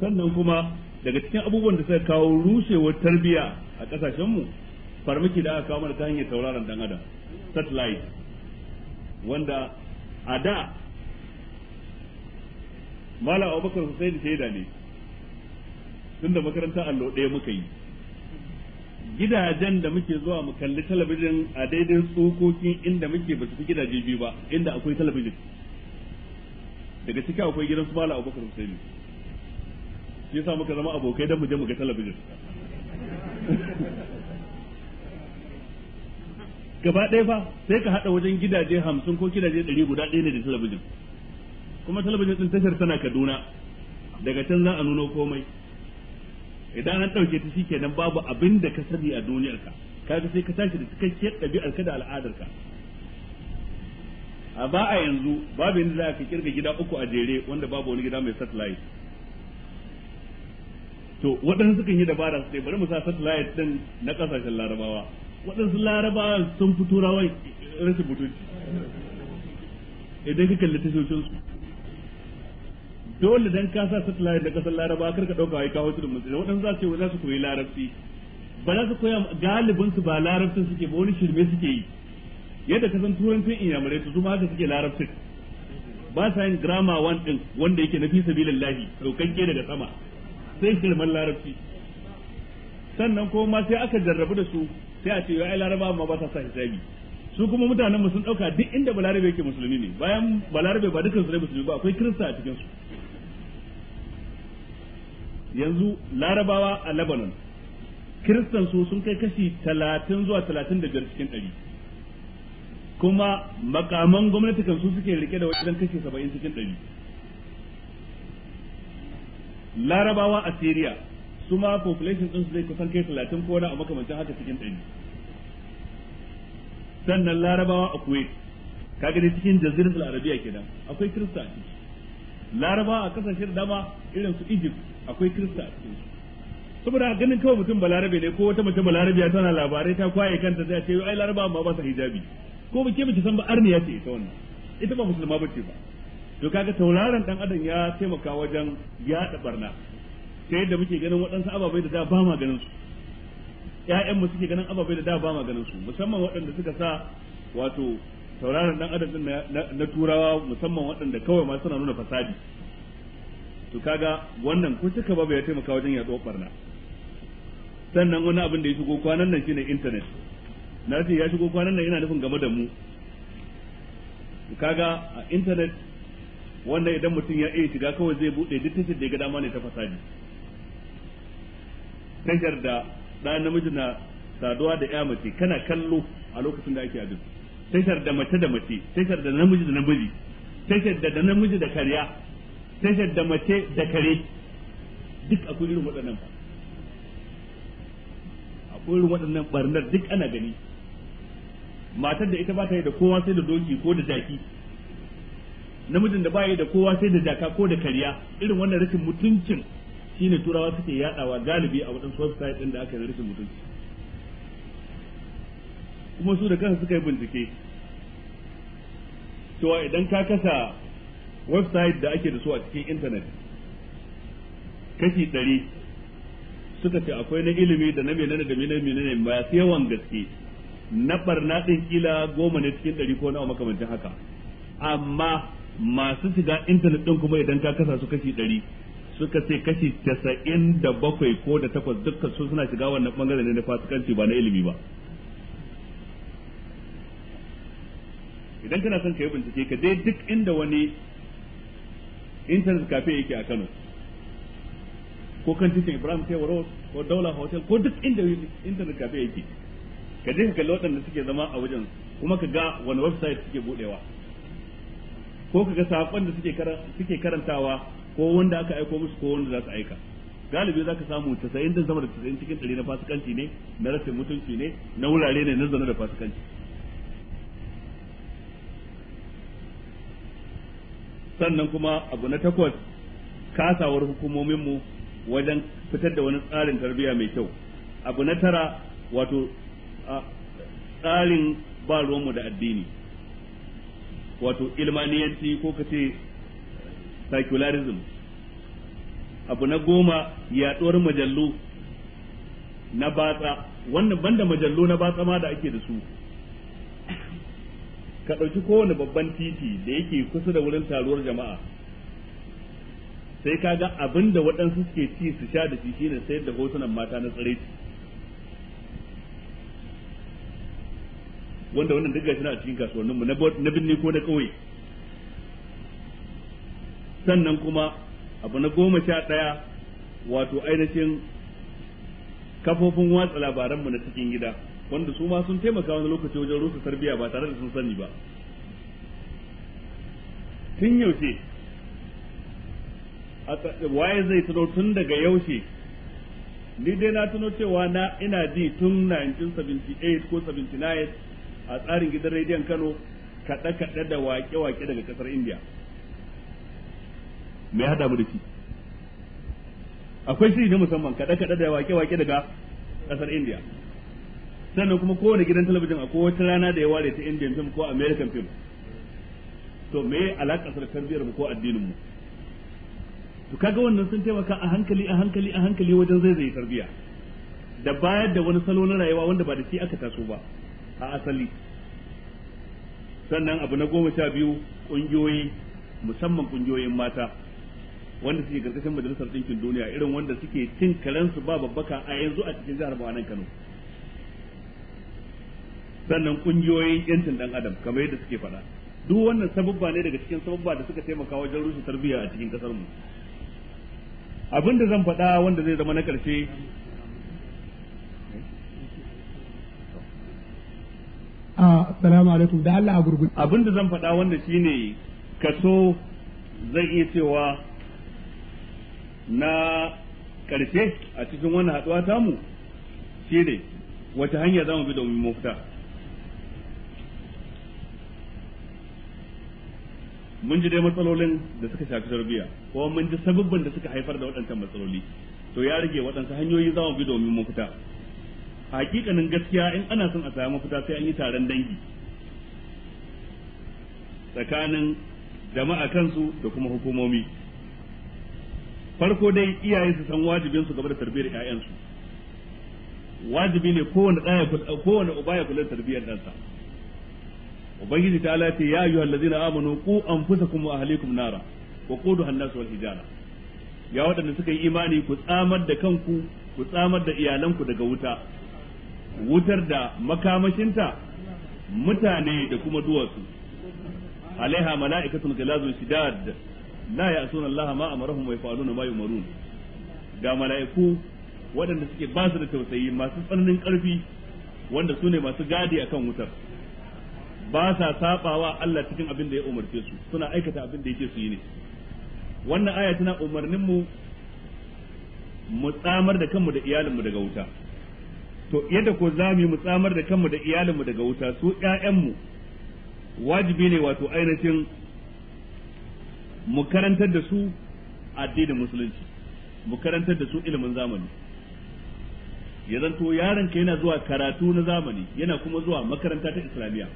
sannan kuma daga cikin abubuwan da suka kawo rushewar tarbiyya a mu farmaki da aka kawo mana ta hanyar tauraron dan adam satellite wanda a da malam abubakar da shaida ne tunda makaranta allo ɗaya muka yi gidajen da muke zuwa mu kalli talabijin a daidai tsokokin inda muke ba su fi gidaje biyu ba inda akwai talabijin daga ciki akwai gidan su mala abubakar husaini shi sa muka zama abokai don mu je mu ga talabijin gaba ɗaya fa sai ka haɗa wajen gidaje hamsin ko gidaje ɗari guda ɗaya ne da talabijin kuma talabijin din tashar tana Kaduna daga can za a nuno komai idan an ɗauke ta shi kenan babu abin da ka sani a duniyarka kaga sai ka tashi da cikakke ɗabi'ar ka da ka a ba a yanzu babu yanzu za ka kirga gida uku a jere wanda babu wani gida mai satellite to waɗansu sukan yi dabara su bari mu sa satellite din na ƙasashen larabawa waɗansu larabawa sun fito turawa rashin mutunci idan ka kalli tashoshinsu dole dan ka sa satellite da kasar laraba kar ka dauka wai kawo tudun musulmi wadanda za su za su koyi larabci ba za su koya galibin su ba larabcin suke ba wani shirme suke yi yadda ka san turancin inyamurai su kuma haka suke larabcin ba sa yin grama one din wanda yake na fi sabilillahi daukanke daga sama sai shirman larabci sannan ko ma sai aka jarrabu da su sai a ce ya ai laraba amma ba sa sa hijabi su kuma mutanen mu sun dauka duk inda balarabe yake musulmi ne bayan balarabe ba dukkan su ne musulmi ba akwai kirista a cikin su yanzu larabawa a lebanon kiristan su sun kai kashi talatin zuwa talatin da biyar cikin ɗari kuma makaman gwamnati kan su suke rike da wajen kashi saba'in cikin ɗari larabawa a syria su ma population su zai kusan kai talatin ko wani a makamancin haka cikin ɗari sannan larabawa a kuwait kaga dai cikin jazirar arabiya kenan akwai kirista a ciki larabawa a kasashen dama irin su egypt akwai kirista a cikin saboda a ganin kawai mutum balarabe ne ko wata mace balarabe tana labarai ta kwaye kanta sai a ce ai laraba amma ba sa hijabi ko ba ke bace san ba arniya ce ita wannan ita ba musulma bace ba to kaga tauraron dan adam ya taimaka wajen yaɗa barna sai yadda muke ganin waɗansu ababai da da ba ma ganin su ƴaƴanmu suke ganin ababai da da ba ma ganin su musamman waɗanda suka sa wato tauraron dan adam na, na, turawa musamman waɗanda kawai ma suna nuna fasadi to kaga wannan ko suka ba ya taimaka wajen yaɗo barna sannan wani abin da ya shigo kwanan nan shine internet na ce ya shigo kwanan nan yana nufin game da mu kaga a internet wannan idan mutum ya iya shiga kawai zai bude duk tashar da ya ga dama ne ta fasadi tashar da ɗan namiji na saduwa da ya mace kana kallo a lokacin da ake abin tashar da mace da mace tashar da namiji da namiji tashar da namiji da karya tashar da mace da kare duk akwai irin waɗannan ba akwai irin waɗannan barnar duk ana gani matar da ita ba ta yi da kowa sai da doki ko da jaki namijin da ba yi da kowa sai da jaka ko da kariya irin wannan rashin mutuncin ne turawa suke yadawa galibi a waɗansu website ɗin da aka yi rashin mutunci kuma su da kansu suka yi bincike cewa idan ka kasa website da ake da su a cikin internet kashi ɗari suka ce akwai na ilimi da na menene da menene masu yawan gaske na barna ɗin kila goma ne cikin ɗari ko nawa makamancin haka amma masu shiga intanet ɗin kuma idan ka kasa su kashi ɗari suka ce kashi casa'in da bakwai ko da takwas dukkan su suna shiga wannan ɓangare ne na fasikanci ba na ilimi ba idan kana son ka yi bincike ka je duk inda wani internet cafe yake a Kano ko kan titin Ibrahim Taiwo Road ko Daula Hotel ko duk inda internet cafe yake ka je ka kalli waɗanda suke zama a wajen kuma ka ga wani website suke budewa ko ka ga sakon da suke suke karantawa ko wanda aka aiko musu ko wanda za su aika galibi za ka samu 90 da zama da 90 cikin 100 na fasikanci ne na rashin mutunci ne na wurare ne na zana da fasikanci sannan kuma abu na takwas kasawar hukumominmu wajen fitar da wani tsarin tarbiyya mai kyau abu na tara wato tsarin ba ruwanmu da addini wato ilmaniyanci ko ka ce secularism abu na goma yaɗuwar majallu na batsa wannan banda majallu na batsa ma da ake da su ka ɗauki kowane babban titi da yake kusa da wurin taruwar jama'a sai ka ga abin da waɗansu suke ci su sha da shi shine sayar da hotunan mata na tsare wanda wannan duk gashi na a cikin kasuwanninmu na binne ko na ƙauye sannan kuma abu na goma sha ɗaya wato ainihin kafofin watsa labaranmu na cikin gida wanda su ma sun taimaka wani lokaci wajen rusa tarbiyya ba tare da sun sani ba tun yaushe waye zai tuno tun daga yaushe ni dai na tuno cewa na ina ji tun 1978 ko 79 a tsarin gidan rediyon Kano kaɗe-kaɗe da waƙe-waƙe daga ƙasar India me ya damu da shi akwai shiri na musamman kaɗe-kaɗe da waƙe-waƙe daga ƙasar India sannan kuma kowane gidan talabijin a kowace rana da ya ware ta indian film ko american film to me alaƙa sa tarbiyar mu ko addinin mu to kaga wannan sun taimaka a hankali a hankali a hankali wajen zaizaye tarbiyya da bayar da wani salo na rayuwa wanda ba da shi aka taso ba a asali sannan abu na goma sha biyu ƙungiyoyi musamman ƙungiyoyin mata wanda suke karkashin majalisar ɗinkin duniya irin wanda suke cin karensu ba babbaka a yanzu a cikin jihar Bawa Kano sannan kungiyoyin yancin dan adam kamar yadda suke faɗa duk wannan sababba ne daga cikin sababba da suka taimaka wajen rushe tarbiyya a cikin kasar mu abin da zan faɗa wanda zai zama na ƙarshe ah, Assalamu alaikum da Allah a gurgurta. Abin da zan faɗa wanda shine kaso zai iya cewa na ƙarshe a cikin wannan haɗuwa tamu shine wata hanya za mu bi domin mafita. mun ji dai matsalolin da suka shafi tarbiyya ko mun ji sababbin da suka haifar da waɗancan matsaloli to ya rage waɗansu hanyoyi za mu bi domin mafita hakikanin gaskiya in ana son a samu mafita sai an yi taron dangi tsakanin jama'a kansu da kuma hukumomi farko dai iyaye su san wajibin su game da tarbiyyar ƴaƴansu wajibi ne kowane ɗaya kowane uba ya kula da tarbiyyar ɗansa ubangiji ta ce ya ayyuha allazina amanu qu anfusakum wa ahlikum nara wa quduha hannasu wal hijara ya waɗanda suka yi imani ku tsamar da kanku ku tsamar da iyalanku daga wuta wutar da makamashinta mutane da kuma duwatsu alaiha mala'ikatun gilazun shidad la ya'suna Allah ma amarahum wa yaf'aluna ma yumarun ga mala'iku waɗanda suke basu da tausayi masu tsananin ƙarfi wanda su ne masu gadi akan wutar ba sa sabawa Allah cikin abin da ya umarce su suna aikata abin da yake su yi ne wannan aya tana umarnin mu mu tsamar da kanmu da iyalinmu daga wuta to yadda ko za mu tsamar da kanmu da iyalinmu daga wuta su ƴaƴanmu wajibi ne wato ainihin mu karantar da su addinin musulunci mu karantar da su ilimin zamani ya zanto yaron ka yana zuwa karatu na zamani yana kuma zuwa makaranta ta islamiyya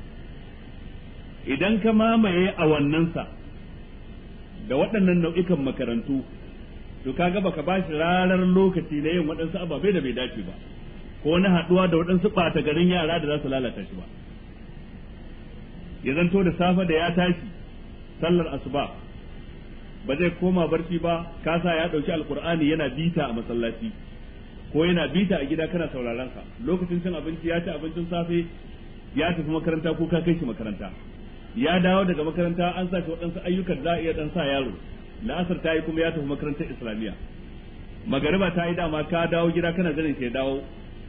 idan ka mamaye awannansa da waɗannan nau'ikan makarantu to kaga baka ba shi rarar lokaci na yin waɗansu ababe da bai dace ba ko na haɗuwa da waɗansu ɓata garin yara da za su lalata shi ba ya zanto da safe da ya tashi sallar asuba ba zai koma barci ba ka sa ya ɗauki alkur'ani yana bita a masallaci ko yana bita a gida kana sauraron sa lokacin cin abinci ya ci abincin safe ya tafi makaranta ko ka kai shi makaranta ya dawo daga makaranta an sa shi waɗansu ayyukan za a iya ɗan sa yaro la'asar ta yi kuma ya tafi makarantar islamiyya magariba ta yi dama ka dawo gida kana ganin ke dawo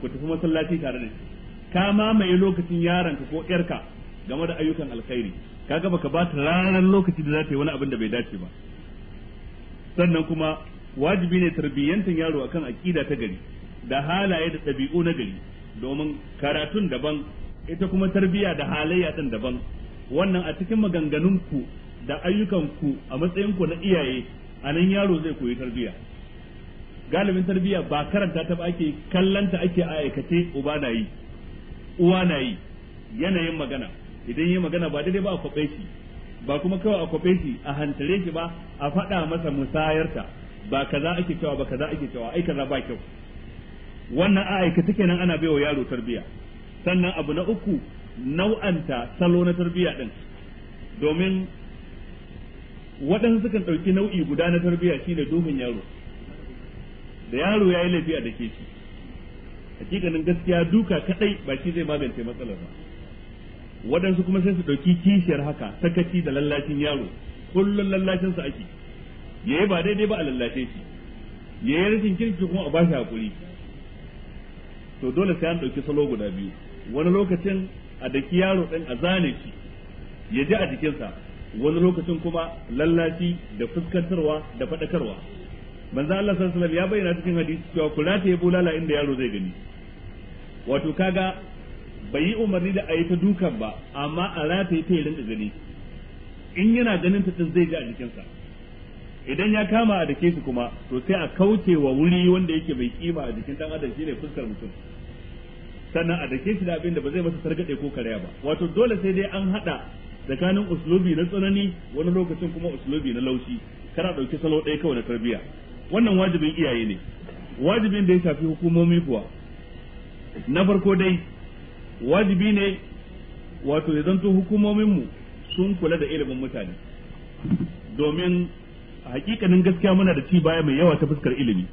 ku tafi masallaci tare da shi ka mamaye lokacin yaranka ko yarka game da ayyukan alkhairi ka baka ba ta ranar lokaci da za ta yi wani abin da bai dace ba sannan kuma wajibi ne tarbiyyantar yaro akan aƙida ta gari da halaye da ɗabi'u na gari domin karatun daban ita kuma tarbiyya da halayya ɗin daban wannan a cikin maganganunku da ayyukanku a matsayinku na iyaye a nan yaro zai koyi tarbiyya galibin tarbiyya ba karanta ta ba ake kallanta ake a aikace uba na yi uwa na yi yanayin magana idan yi magana ba daidai ba a kwaɓe shi ba kuma kawai a kwaɓe shi a hantare shi ba a faɗa masa musayarta ba kaza ake cewa ba kaza ake cewa ai kaza ba kyau wannan a aikace kenan ana baiwa yaro tarbiyya sannan abu na uku nau'anta salo na tarbiyya din domin waɗansu sukan ɗauki nau'i guda na tarbiyya da duhun yaro da yaro ya yi laifi da dake shi hakikanin gaskiya duka kaɗai ba shi zai magance matsalar ba waɗansu kuma sai su ɗauki kishiyar haka ta sakaci da lallacin yaro kullum lallacinsa ake ya ba daidai ba a lallace shi ya yi rashin kirki kuma a ba shi haƙuri to dole sai an ɗauki salo guda biyu wani lokacin a daki yaro ɗin a zane shi ya ji a jikinsa wani lokacin kuma lallaci da fuskantarwa da faɗakarwa manzo Allah sallallahu alaihi ya bayyana cikin hadisi cewa kula ta yabo lala inda yaro zai gani wato kaga bai yi umarni da a yi ta dukan ba amma a rataye ta yi rinka gani in yana ganin ta din zai ji a jikinsa idan ya kama a dake shi kuma to sai a kauce wa wuri wanda yake mai kima a jikin dan adam shine fuskar mutum sannan a dake shi da abin da ba zai masa sargade ko karaya ba wato dole sai dai an haɗa tsakanin uslubi na tsanani wani lokacin kuma uslubi na laushi kana ɗauki salo ɗaya kawai na tarbiya wannan wajibin iyaye ne wajibin da ya shafi hukumomi kuwa na farko dai wajibi ne wato ya zanto hukumominmu sun kula da ilimin mutane domin hakikanin gaskiya muna da ci baya mai yawa ta fuskar ilimi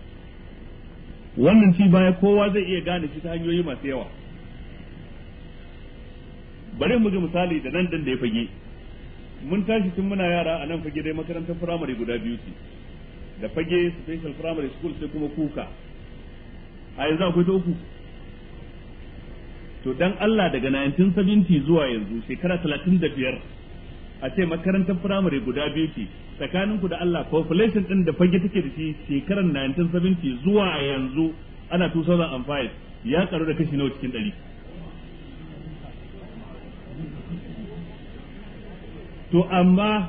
wannan ci baya kowa zai iya gane shi ta hanyoyi masu yawa bari mu ga misali da nan dan da ya fage mun tashi tun muna yara a nan fage dai makarantar firamare guda biyu ce da fage special firamare school sai kuma kuka a yanzu akwai ta uku to dan Allah daga 1970 zuwa yanzu shekara 35 a ce makarantar firamare guda biyu ce tsakaninku da Allah population din da fage take da shi shekarar 1970 zuwa yanzu ana 2005 ya karu da kashi nawa cikin ɗari to amma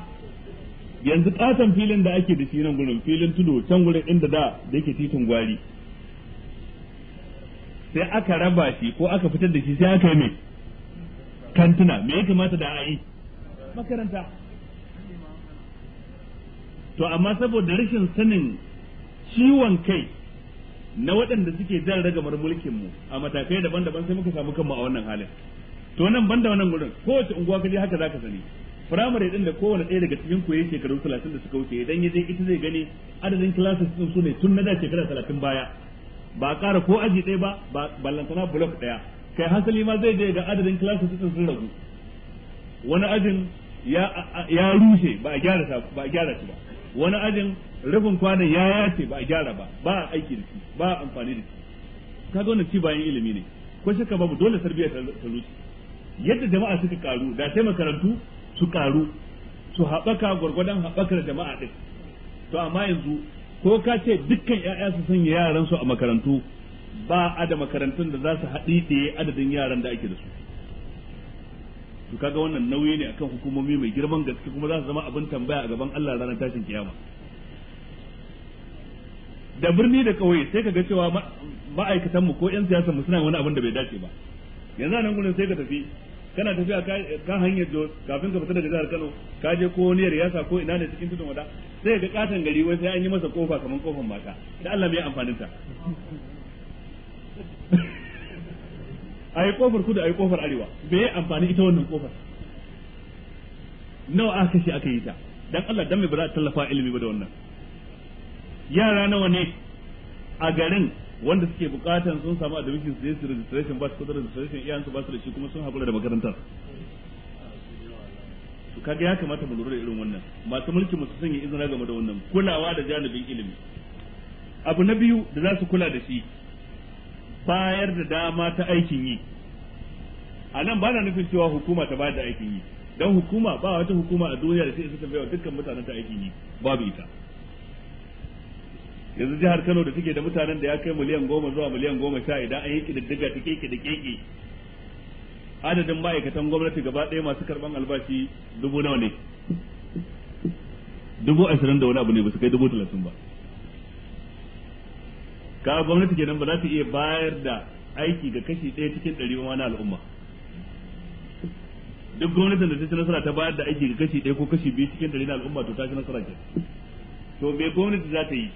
yanzu katon filin da ake da shi nan gurin filin tudu can gurin inda da da yake titin gwari sai aka raba shi ko aka fitar da shi sai aka yi mai kantuna me ya kamata da a makaranta to amma saboda rashin sanin ciwon kai na waɗanda suke jan ragamar mulkin mu a matakai daban-daban sai muka samu kanmu a wannan halin to nan banda wannan gurin kowace unguwa kaje haka zaka sani firamare din da kowane ɗaya daga cikin koyi shekaru talatin da suka wuce idan ya je ita zai gani adadin classes din su ne tun na da shekara talatin baya ba a ƙara ko aji ɗaya ba ba ballantana block ɗaya kai hasali ma zai je ga adadin classes din sun ragu wani ajin ya rushe ba a gyara shi ba wani ajin rufin kwanan ya yace ba a gyara ba ba a aiki da shi ba a amfani da shi kaga wannan ci bayan ilimi ne ko shakka babu dole tarbiyya ta ruci yadda jama'a suka karu da sai makarantu su karu su haɓaka gwargwadon haɓakar jama'a din to amma yanzu ko ka ce dukkan 'ya'ya su sanya yaran su a makarantu ba a da makarantun da za su haɗi da adadin yaran da ake da su to kaga wannan nauyi ne akan hukumomi mai girman gaske kuma za su zama abin tambaya a gaban Allah ranar tashin kiyama da birni da kauye sai kaga cewa ma'aikatan mu ko yan siyasar mu suna wani abin da bai dace ba yanzu nan gurin sai ka tafi kana tafiya ka hanyar Jos kafin ka fita daga jihar Kano ka je ko wani yasa ko ina ne cikin tudun wada sai ga katan gari wai sai an yi masa kofa kaman kofan mata da Allah mai amfanin ta a kofar kudu a yi kofar arewa bai amfani ita wannan kofar nawa aka kashe aka yi ta dan Allah dan me ba za a tallafa ilimi ba da wannan yara nawa ne a garin wanda suke bukatan sun samu admission su su registration ba su da registration iyayen su ba su da shi kuma sun hakura da makarantar to kaga ya kamata mu lura da irin wannan masu mulki mu su sanya izina game da wannan kulawa da janibin ilimi abu na biyu da za su kula da shi bayar da dama ta aikin yi a nan ba na nufin cewa hukuma ta bayar da aikin yi don hukuma ba wata hukuma a duniya da sai suka baiwa dukkan mutanen ta aikin yi babu ita yanzu jihar Kano da take da mutanen da ya kai miliyan goma zuwa miliyan goma sha idan an yi kididdiga ta keke da keke adadin ma'aikatan gwamnati gaba ɗaya masu karɓan albashi dubu nawa ne dubu ashirin da wani abu ne ba su kai dubu talatin ba ka gwamnati kenan ba za ta iya bayar da aiki ga kashi ɗaya cikin ɗari ba na al'umma duk gwamnatin da ta ci nasara ta bayar da aiki ga kashi ɗaya ko kashi biyu cikin ɗari na al'umma to ta ci nasara ke to me gwamnati za ta yi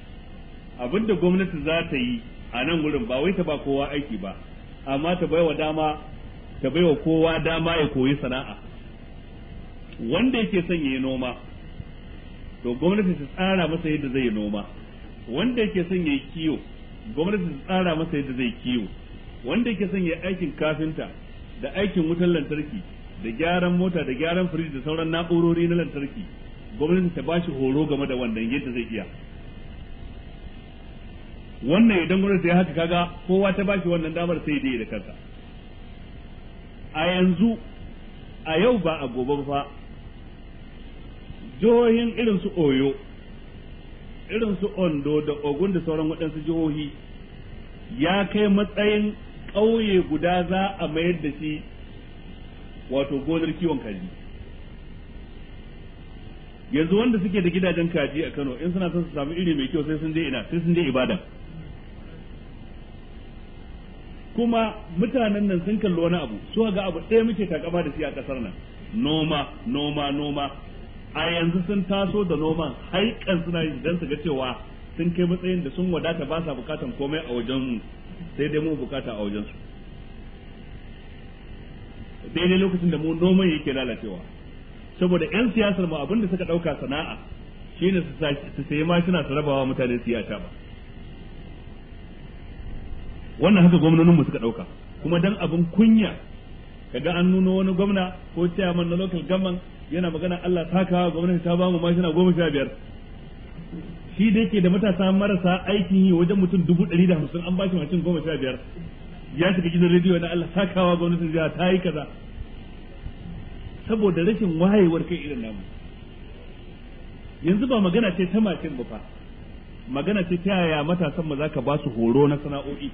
abin da gwamnati za ta yi a nan wurin ba wai ta ba kowa aiki ba amma ta baiwa dama ta baiwa kowa dama ya koyi sana'a wanda yake son ya yi noma to gwamnati ta tsara masa yadda zai yi noma wanda yake son ya yi kiwo gwamnati ta tsara masa yadda zai kiwo wanda yake son ya aikin kafinta da aikin wutar lantarki da gyaran mota da gyaran firiji da sauran na'urori na lantarki gwamnati ta bashi horo game da wannan yadda zai iya wannan idan gwamnati ya haka kaga kowa ta bashi wannan damar sai dai da kansa a yanzu a yau ba a gobe ba jihohin irin su oyo irin su ondo da ogun da sauran waɗansu jihohi ya kai matsayin ƙauye guda za a mayar da shi wato gonar kiwon kaji yanzu wanda suke da gidajen kaji a kano in suna son su samu iri mai kyau sai sun je ina sai sun je ibada kuma mutanen nan sun kalli wani abu su ga abu ɗaya muke takama da shi a ƙasar nan noma noma noma a yanzu sun taso da noman haikan suna yi don su ga cewa sun kai matsayin da sun wadata ba sa bukatan komai a wajen mu sai dai mu bukata a wajen su daidai lokacin da mu noman yake lalacewa saboda yan siyasar mu abinda suka dauka sana'a shine su sayi mashina su rabawa mutane su yata ba wannan haka mu suka dauka kuma dan abin kunya kaga an nuno wani gwamna ko chairman na local government yana magana Allah ta kawo gwamnati ta bamu mashina goma sha biyar shi da yake da matasa marasa aikin yi wajen mutum dubu ɗari da hamsin an bashi mashin goma sha biyar ya shiga gidan rediyo na Allah ta gwamnatin jiha ta yi kaza saboda rashin wayewar kai irin namu yanzu ba magana ce ta mashin ba fa magana ce ta yaya matasan ma za ka ba su horo na sana'o'i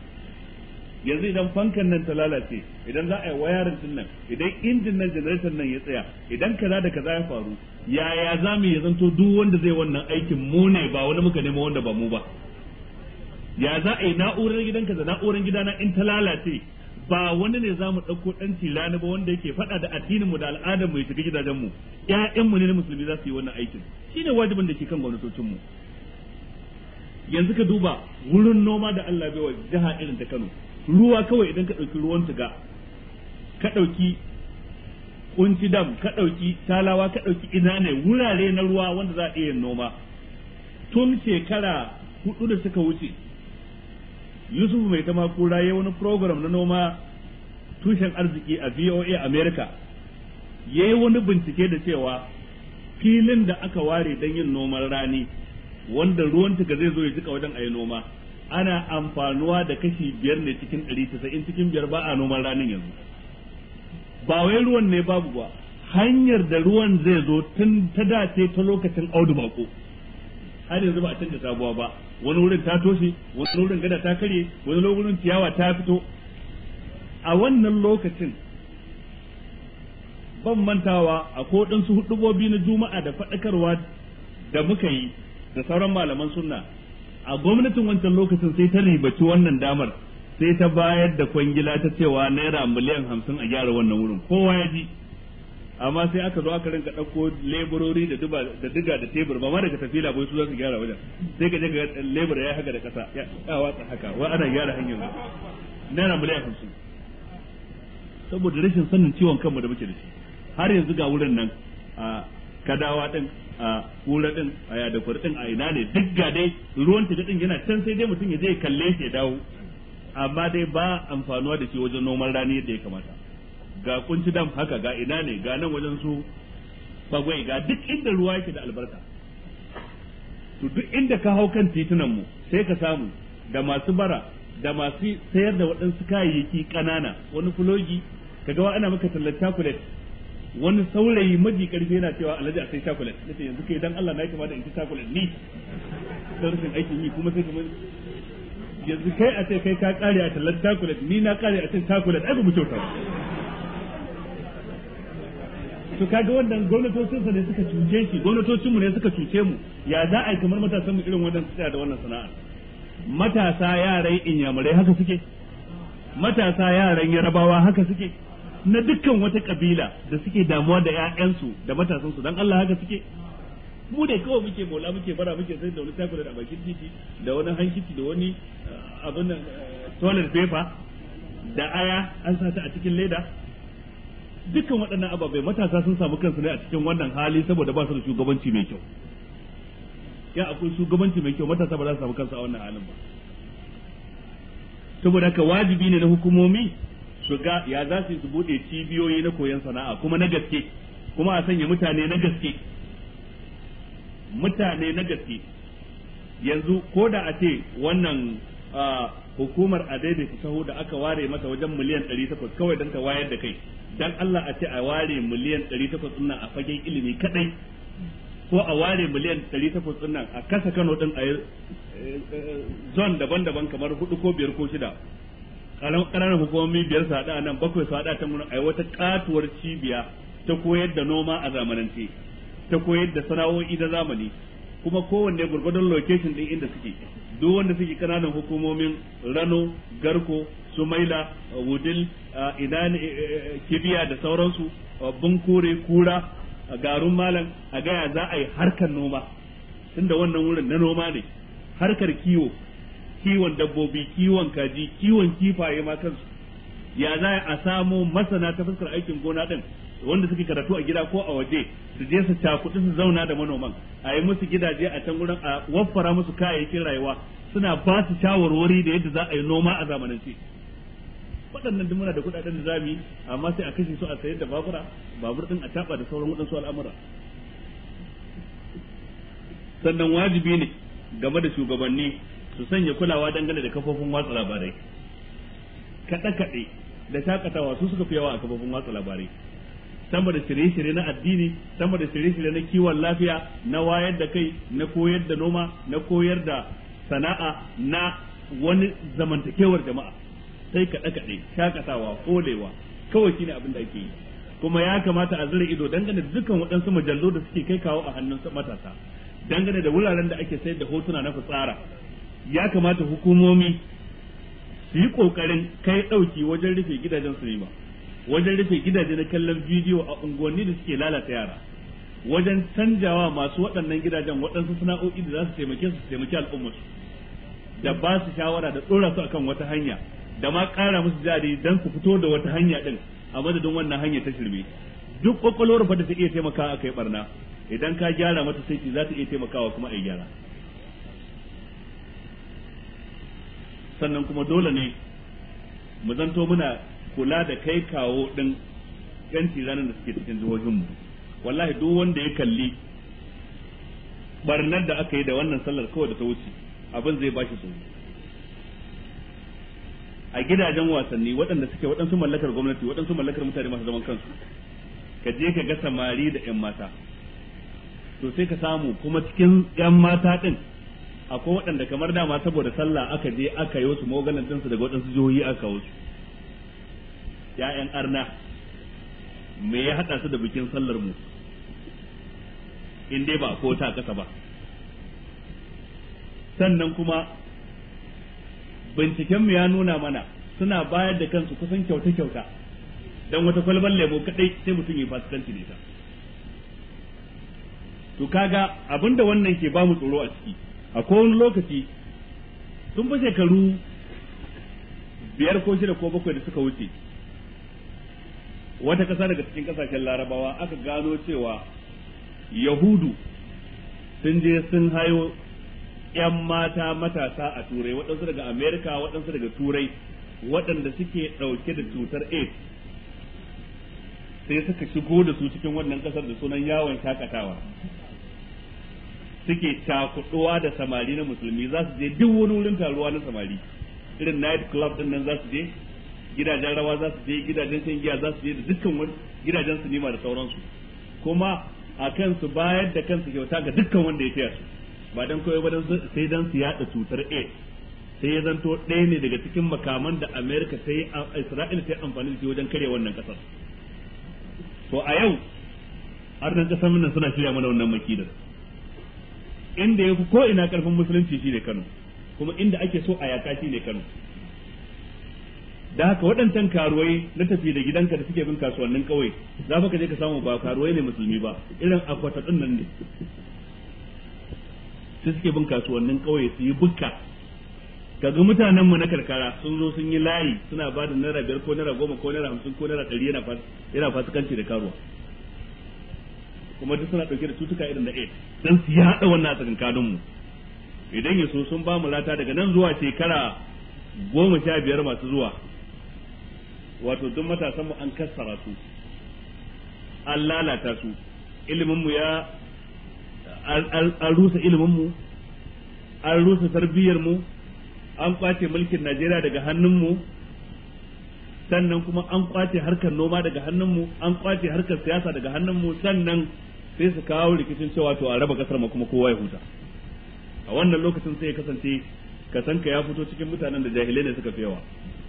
yanzu idan fankan nan ta lalace idan za a yi wayarin din nan idan injin nan generator nan ya tsaya idan kaza da kaza ya faru yaya za mu ya zanto duk wanda zai wannan aikin mu ne ba wani muka nemo wanda ba mu ba ya za a yi na'urar gidanka da na'urar gidana in ta lalace ba wani ne za mu ɗauko ɗan tilani ba wanda yake faɗa da addinin addininmu da mu ya shiga gidajenmu mu ne na musulmi za su yi wannan aikin shine wajibin da ke kan mu yanzu ka duba wurin noma da Allah bai wa jiha irin ta Kano ruwa kawai idan ka ɗauki ruwan tuga ka ɗauki kunci dam ka ɗauki talawa ka ɗauki ina ne wurare na ruwa wanda za a iya noma tun shekara hudu da suka wuce yusuf mai ta makura ya wani program na noma tushen arziki a voa america ya yi wani bincike da cewa filin da aka ware don yin noman rani wanda ruwan tuga zai zo ya jika wajen a yi noma ana amfanuwa da kashi biyar ne cikin ɗari tasa'in cikin biyar ba a noman ranin yanzu ba wai ruwan ne babu ba hanyar da ruwan zai zo tun ta dace ta lokacin audu bako har yanzu ba a canza sabuwa ba wani wurin ta toshe wani wurin gada ta karye wani wurin ciyawa ta fito a wannan lokacin ban mantawa a kodansu hudubobi na juma'a da faɗakarwa da muka yi da sauran malaman sunna a gwamnatin wancan lokacin sai ta ribaci wannan damar sai ta bayar da kwangila ta cewa naira miliyan hamsin a gyara wannan wurin kowa ya ji amma sai aka zo aka rinka ɗauko leburori da duba da diga da tebur ba ma daga tafi bai su za su gyara wajen sai ka je ga lebur ya haka da ƙasa ya watsa haka wa ana gyara hanyar naira miliyan hamsin saboda rashin sanin ciwon kanmu da muke da shi har yanzu ga wurin nan a kadawa din a kura din a yada din a ina ne duk ga dai ruwan ta din yana can sai dai mutum ya je kalle shi ya dawo amma dai ba amfanuwa da shi wajen noman rani yadda ya kamata ga kunci dam haka ga ina ne ga nan wajen su bagwai ga duk inda ruwa yake da albarka to duk inda ka hau kan titunan mu sai ka samu da masu bara da masu sayar da waɗansu kayayyaki ƙanana wani fulogi kaga ana maka tallar chocolate wani saurayi maji karfi yana cewa alaji a sai chocolate nace yanzu kai dan Allah na kama da in ci chocolate ni dan rufin aikin yi kuma sai kuma yanzu kai a ce kai ka kare a tallar chocolate ni na kare a cin chocolate ai ba mu kyauta to kaga wannan gwamnatocinsa ne suka cuce shi gwamnatocinmu ne suka cuce mu ya za a yi kamar matasan mu irin wannan tsaya da wannan sana'a matasa yaran inyamurai haka suke matasa yaran yarabawa haka suke na dukkan wata kabila da suke damuwa da ƴaƴansu da matasansu dan Allah haka suke mu da kawai muke mola muke bara muke sai da wani takulat da bakin titi da wani hankiti da wani eh, abin nan eh, toilet paper da aya an sa ta a cikin leda dukkan waɗannan ababe matasa sun samu kansu ne a cikin wannan hali saboda ba su da shugabanci mai kyau ya akwai shugabanci mai kyau matasa ba za su samu kansu a wannan halin ba saboda haka wajibi ne na hukumomi su ga ya za su su bude cibiyoyi na koyon sana'a kuma na gaske kuma a sanya mutane na gaske mutane na gaske yanzu ko da a ce wannan hukumar a daidaita sahu da aka ware mata wajen miliyan 800 kawai don ta wayar da kai dan Allah a ce a ware miliyan 800 suna a fagen ilimi kadai ko a ware miliyan 800 suna a kasa Kano din a eh, eh, zon daban-daban kamar hudu ko biyar ko shida ƙananan hukumomi biyar su haɗa nan bakwai su haɗa ta mun ai wata katuwar cibiya ta koyar da noma a zamanance ta koyar da sana'o'i da zamani kuma kowanne gurgurdan location din inda suke duk wanda suke kananan hukumomin rano garko sumaila wudil idan e, e, e, kibiya da sauransu bunkure kura garun malam a gaya za a yi harkar noma tunda wannan wurin na noma ne harkar kiwo kiwon dabbobi kiwon kaji kiwon kifaye ma kansu ya za a samu masana ta fuskar aikin gona din wanda suke karatu a gida ko a waje su je su cakuɗi su zauna da manoman a yi musu gidaje a can gurin a waffara musu kayayyakin rayuwa suna ba su shawarwari da yadda za a yi noma a zamanance waɗannan duk muna da kuɗaɗen da zamu yi amma sai a kashe su a sayar da babura babur din a taba da sauran waɗansu al'amura sannan wajibi ne game da shugabanni su sanya kulawa dangane da kafofin watsa labarai kaɗe-kaɗe da shakatawa su suka fi yawa a kafofin watsa labarai sama da shirye-shirye na addini sama da shirye-shirye na kiwon lafiya na wayar da kai na koyar da noma na koyar da sana'a na wani zamantakewar jama'a sai kaɗe-kaɗe shakatawa kolewa kawai shine abin da ake yi kuma ya kamata a zira ido dangane da dukkan waɗansu majallu da suke kai kawo a hannun matasa dangane da wuraren da ake sayar da hotuna na fitsara ya kamata hukumomi su yi kokarin kai dauki wajen rufe gidajen sinima wajen rufe gidaje na kallon bidiyo a unguwanni da suke lalata yara wajen canjawa masu waɗannan gidajen waɗansu sana'o'i da za su taimake su taimaki al'ummar da ba su shawara da ɗora su akan wata hanya da ma ƙara musu jari don su fito da wata hanya ɗin a madadin wannan hanya ta shirme duk kwakwalwar fa da ta iya taimakawa a kai barna idan ka gyara mata sai za ta iya taimakawa kuma a gyara sannan kuma dole ne mu zanto muna kula da kai kawo din yanci ranar da suke cikin mu wallahi duk wanda ya kalli barnar da aka yi da wannan sallar kawai da ta wuce abin zai bashi su a gidajen wasanni waɗanda suke waɗansu mallakar gwamnati waɗansu mallakar mutane masu zaman kansu ka je ka ga samari da 'yan mata to sai ka samu kuma cikin 'yan mata ɗin akwai waɗanda kamar dama saboda sallah aka je aka yi wasu maganin ɗinsu daga waɗansu jihohi aka wasu ya'yan arna me ya haɗa su da bikin sallar mu in dai ba ko ta ƙasa ba sannan kuma bincikenmu ya nuna mana suna bayar da kansu kusan kyauta-kyauta don wata kwalban lemo kadai sai mutum ya fasikanci ne ta. to kaga abinda wannan ke ba mu tsoro a ciki a wani lokaci sun fi shekaru biyar ko shida ko bakwai da suka wuce wata ƙasa daga cikin ƙasashen larabawa aka gano cewa yahudu sun je sun hayo 'yan mata matasa a turai waɗansu daga amerika waɗansu daga turai waɗanda suke ɗauke da cutar aids sai suka shigo da su cikin wannan ƙasar da sunan yawon shakatawa suke takuduwa da samari na musulmi za su je duk wani wurin taruwa na samari irin night club din nan za su je gidajen rawa za su je gidajen shan giya za su je da dukkan wani gidajen su nima da sauransu kuma a kansu bayar da kansu kyauta ga dukkan wanda ya taya su ba dan koyo ba dan sai dan su yada cutar A sai ya zanto ɗaya ne daga cikin makaman da America ta yi Isra'ila ta yi amfani da shi wajen karya wannan kasar to a yau har nan kasar nan suna shirya mana wannan makidar inda yafi ko ina karfin musulunci shi ne Kano kuma inda ake so a yaka ne Kano da haka waɗancan karuwai na tafi da gidanka da suke bin kasuwannin kawai za ka je ka samu ba karuwai ne musulmi ba irin akwata din nan ne su suke bin kasuwannin kawai su yi bukka kaga mutanen mu na karkara sun zo sun yi layi suna ba da naira biyar ko naira goma ko naira hamsin ko naira ɗari yana fasikanci da karuwa kuma duk suna ɗauke da cutuka irin da aids dan su yaɗa wannan a kadun mu idan ya sun ba mu lata daga nan zuwa shekara goma sha biyar masu zuwa wato duk matasan mu an kassara su an lalata su ilimin mu ya an rusa ilimin mu an rusa tarbiyyar mu an kwace mulkin Najeriya daga hannun mu sannan kuma an kwace harkar noma daga hannun mu an kwace harkar siyasa daga hannun mu sannan sai su kawo rikicin cewa to a raba kasar ma kuma kowa ya huta a wannan lokacin sai ya kasance kasanka ya fito cikin mutanen da jahilai ne suka fi yawa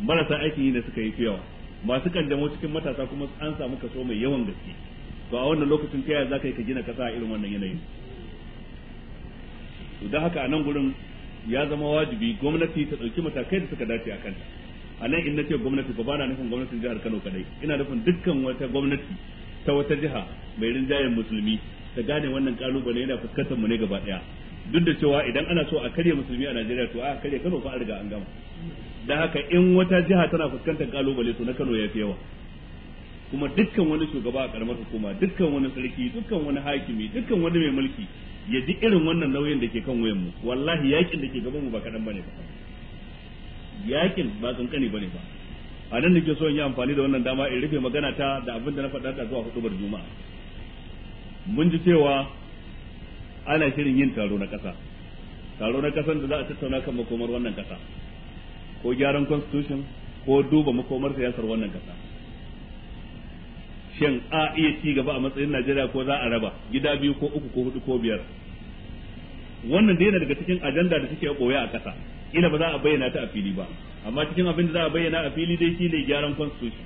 marasa aiki yi ne suka yi fi yawa masu kanjamau cikin matasa kuma an samu kaso mai yawan gaske to a wannan lokacin ta yaya zaka yi ka gina kasa a irin wannan yanayin to dan haka a nan gurin ya zama wajibi gwamnati ta dauki matakai da suka dace a kanta a nan in ce gwamnati ba na nufin gwamnatin jihar Kano kadai ina nufin dukkan wata gwamnati ta wata jiha mai rinjayen musulmi ta gane wannan kalubale yana fuskantar mu ne gaba daya duk da cewa idan ana so a karya musulmi a Najeriya to a karya Kano fa a riga an gama da haka in wata jiha tana fuskantar kalubale to na Kano yafi yawa kuma dukkan wani shugaba a karamar hukuma dukkan wani sarki dukkan wani hakimi dukkan wani mai mulki ya ji irin wannan nauyin da ke kan wayan mu wallahi yakin da ke gaban mu ba kadan bane ba yakin ba kankani bane ba a nan nake so in yi amfani da wannan dama in rufe magana ta da abin da na faɗa ta zuwa hutubar juma'a mun ji cewa ana shirin yin taro na ƙasa taro na ƙasan da za a tattauna kan makomar wannan ƙasa ko gyaran constitution ko duba makomar siyasar wannan ƙasa shin a iya ci gaba a matsayin Najeriya ko za a raba gida biyu ko uku ko hudu ko biyar wannan dai daga cikin ajanda da suke ɓoye a ƙasa kila ba za a bayyana ta a fili ba amma cikin abin da za a bayyana a fili dai shine gyaran constitution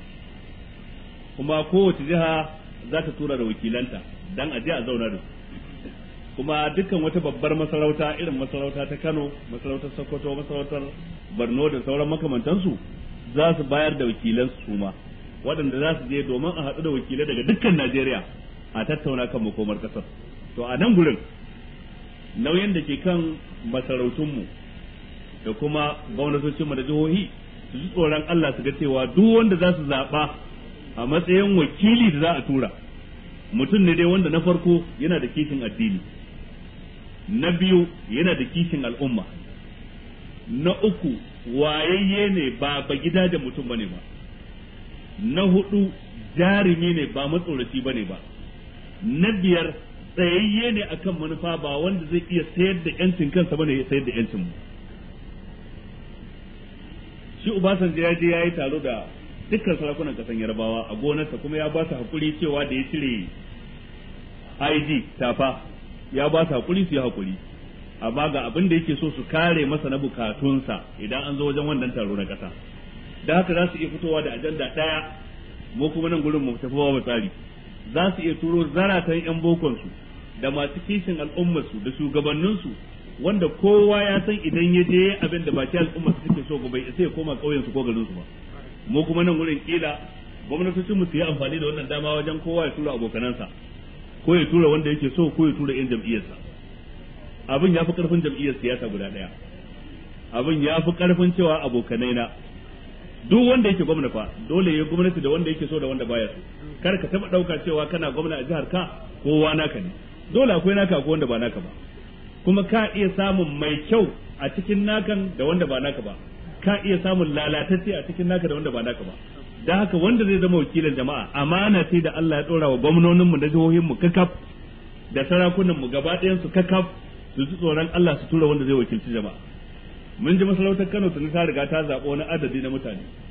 kuma kowace jiha za ta tura da wakilanta dan a je a zauna da kuma dukkan wata babbar masarauta irin masarauta ta Kano masarautar Sokoto masarautar Borno da sauran makamantansu za su bayar da wakilan su ma waɗanda za su je domin a haɗu da wakilai daga dukkan Najeriya a tattauna kan makomar ƙasar to a nan gurin nauyin da ke kan masarautunmu da kuma gwamnatocinmu da jihohi su ji tsoron Allah su ga cewa duk wanda za su zaɓa a matsayin wakili da za a tura mutum ne dai wanda na farko yana da kishin addini na biyu yana da kishin al'umma na uku wayayye ne ba ba gida da mutum bane ba na hudu jarumi ne ba matsoraci bane ba na biyar tsayayye ne akan manufa ba wanda zai iya sayar da yancin kansa bane ya sayar da yancin mu shi Obasanjo ya je yayi taro da dukkan sarakunan kasan Yarbawa a gonarsa kuma ya ba su hakuri cewa da ya cire ID tafa ya ba su hakuri su yi hakuri amma ga abin da yake so su kare masa na bukatunsa idan an zo wajen wannan taro na kasa da haka za su iya fitowa da ajanda ɗaya mu kuma nan gurin mu tafi ba tsari za su iya turo zaratan yan bokonsu da masu kishin al'ummarsu da shugabanninsu wanda kowa ya san idan ya je abin da baki al'umma su suke so gobe sai ya koma ƙauyen su ko garin su ba mu kuma nan wurin kila gwamnatocin mu su yi amfani da wannan dama wajen kowa ya tura abokanansa ko ya tura wanda yake so ko ya tura yan jam'iyyarsa abin ya fi karfin jam'iyyar siyasa guda ɗaya abin ya fi karfin cewa abokanai na duk wanda yake gwamna fa dole ya gwamnati da wanda yake so da wanda baya so kar ka taba dauka cewa kana gwamna a jihar ka kowa naka ne dole akwai naka akwai wanda ba naka ba kuma ka iya samun mai kyau a cikin nakan da wanda ba naka ba ka iya samun lalatacce a cikin naka da wanda ba naka ba Da haka wanda zai zama wakilin jama'a amana sai da Allah ya dora wa gwamnonin mu da jihohin mu kakaf da sarakunan mu gaba ɗayan su kakaf su ji tsoron Allah su tura wanda zai wakilci jama'a mun ji masarautar Kano tun ta riga ta zaɓo wani adadi na mutane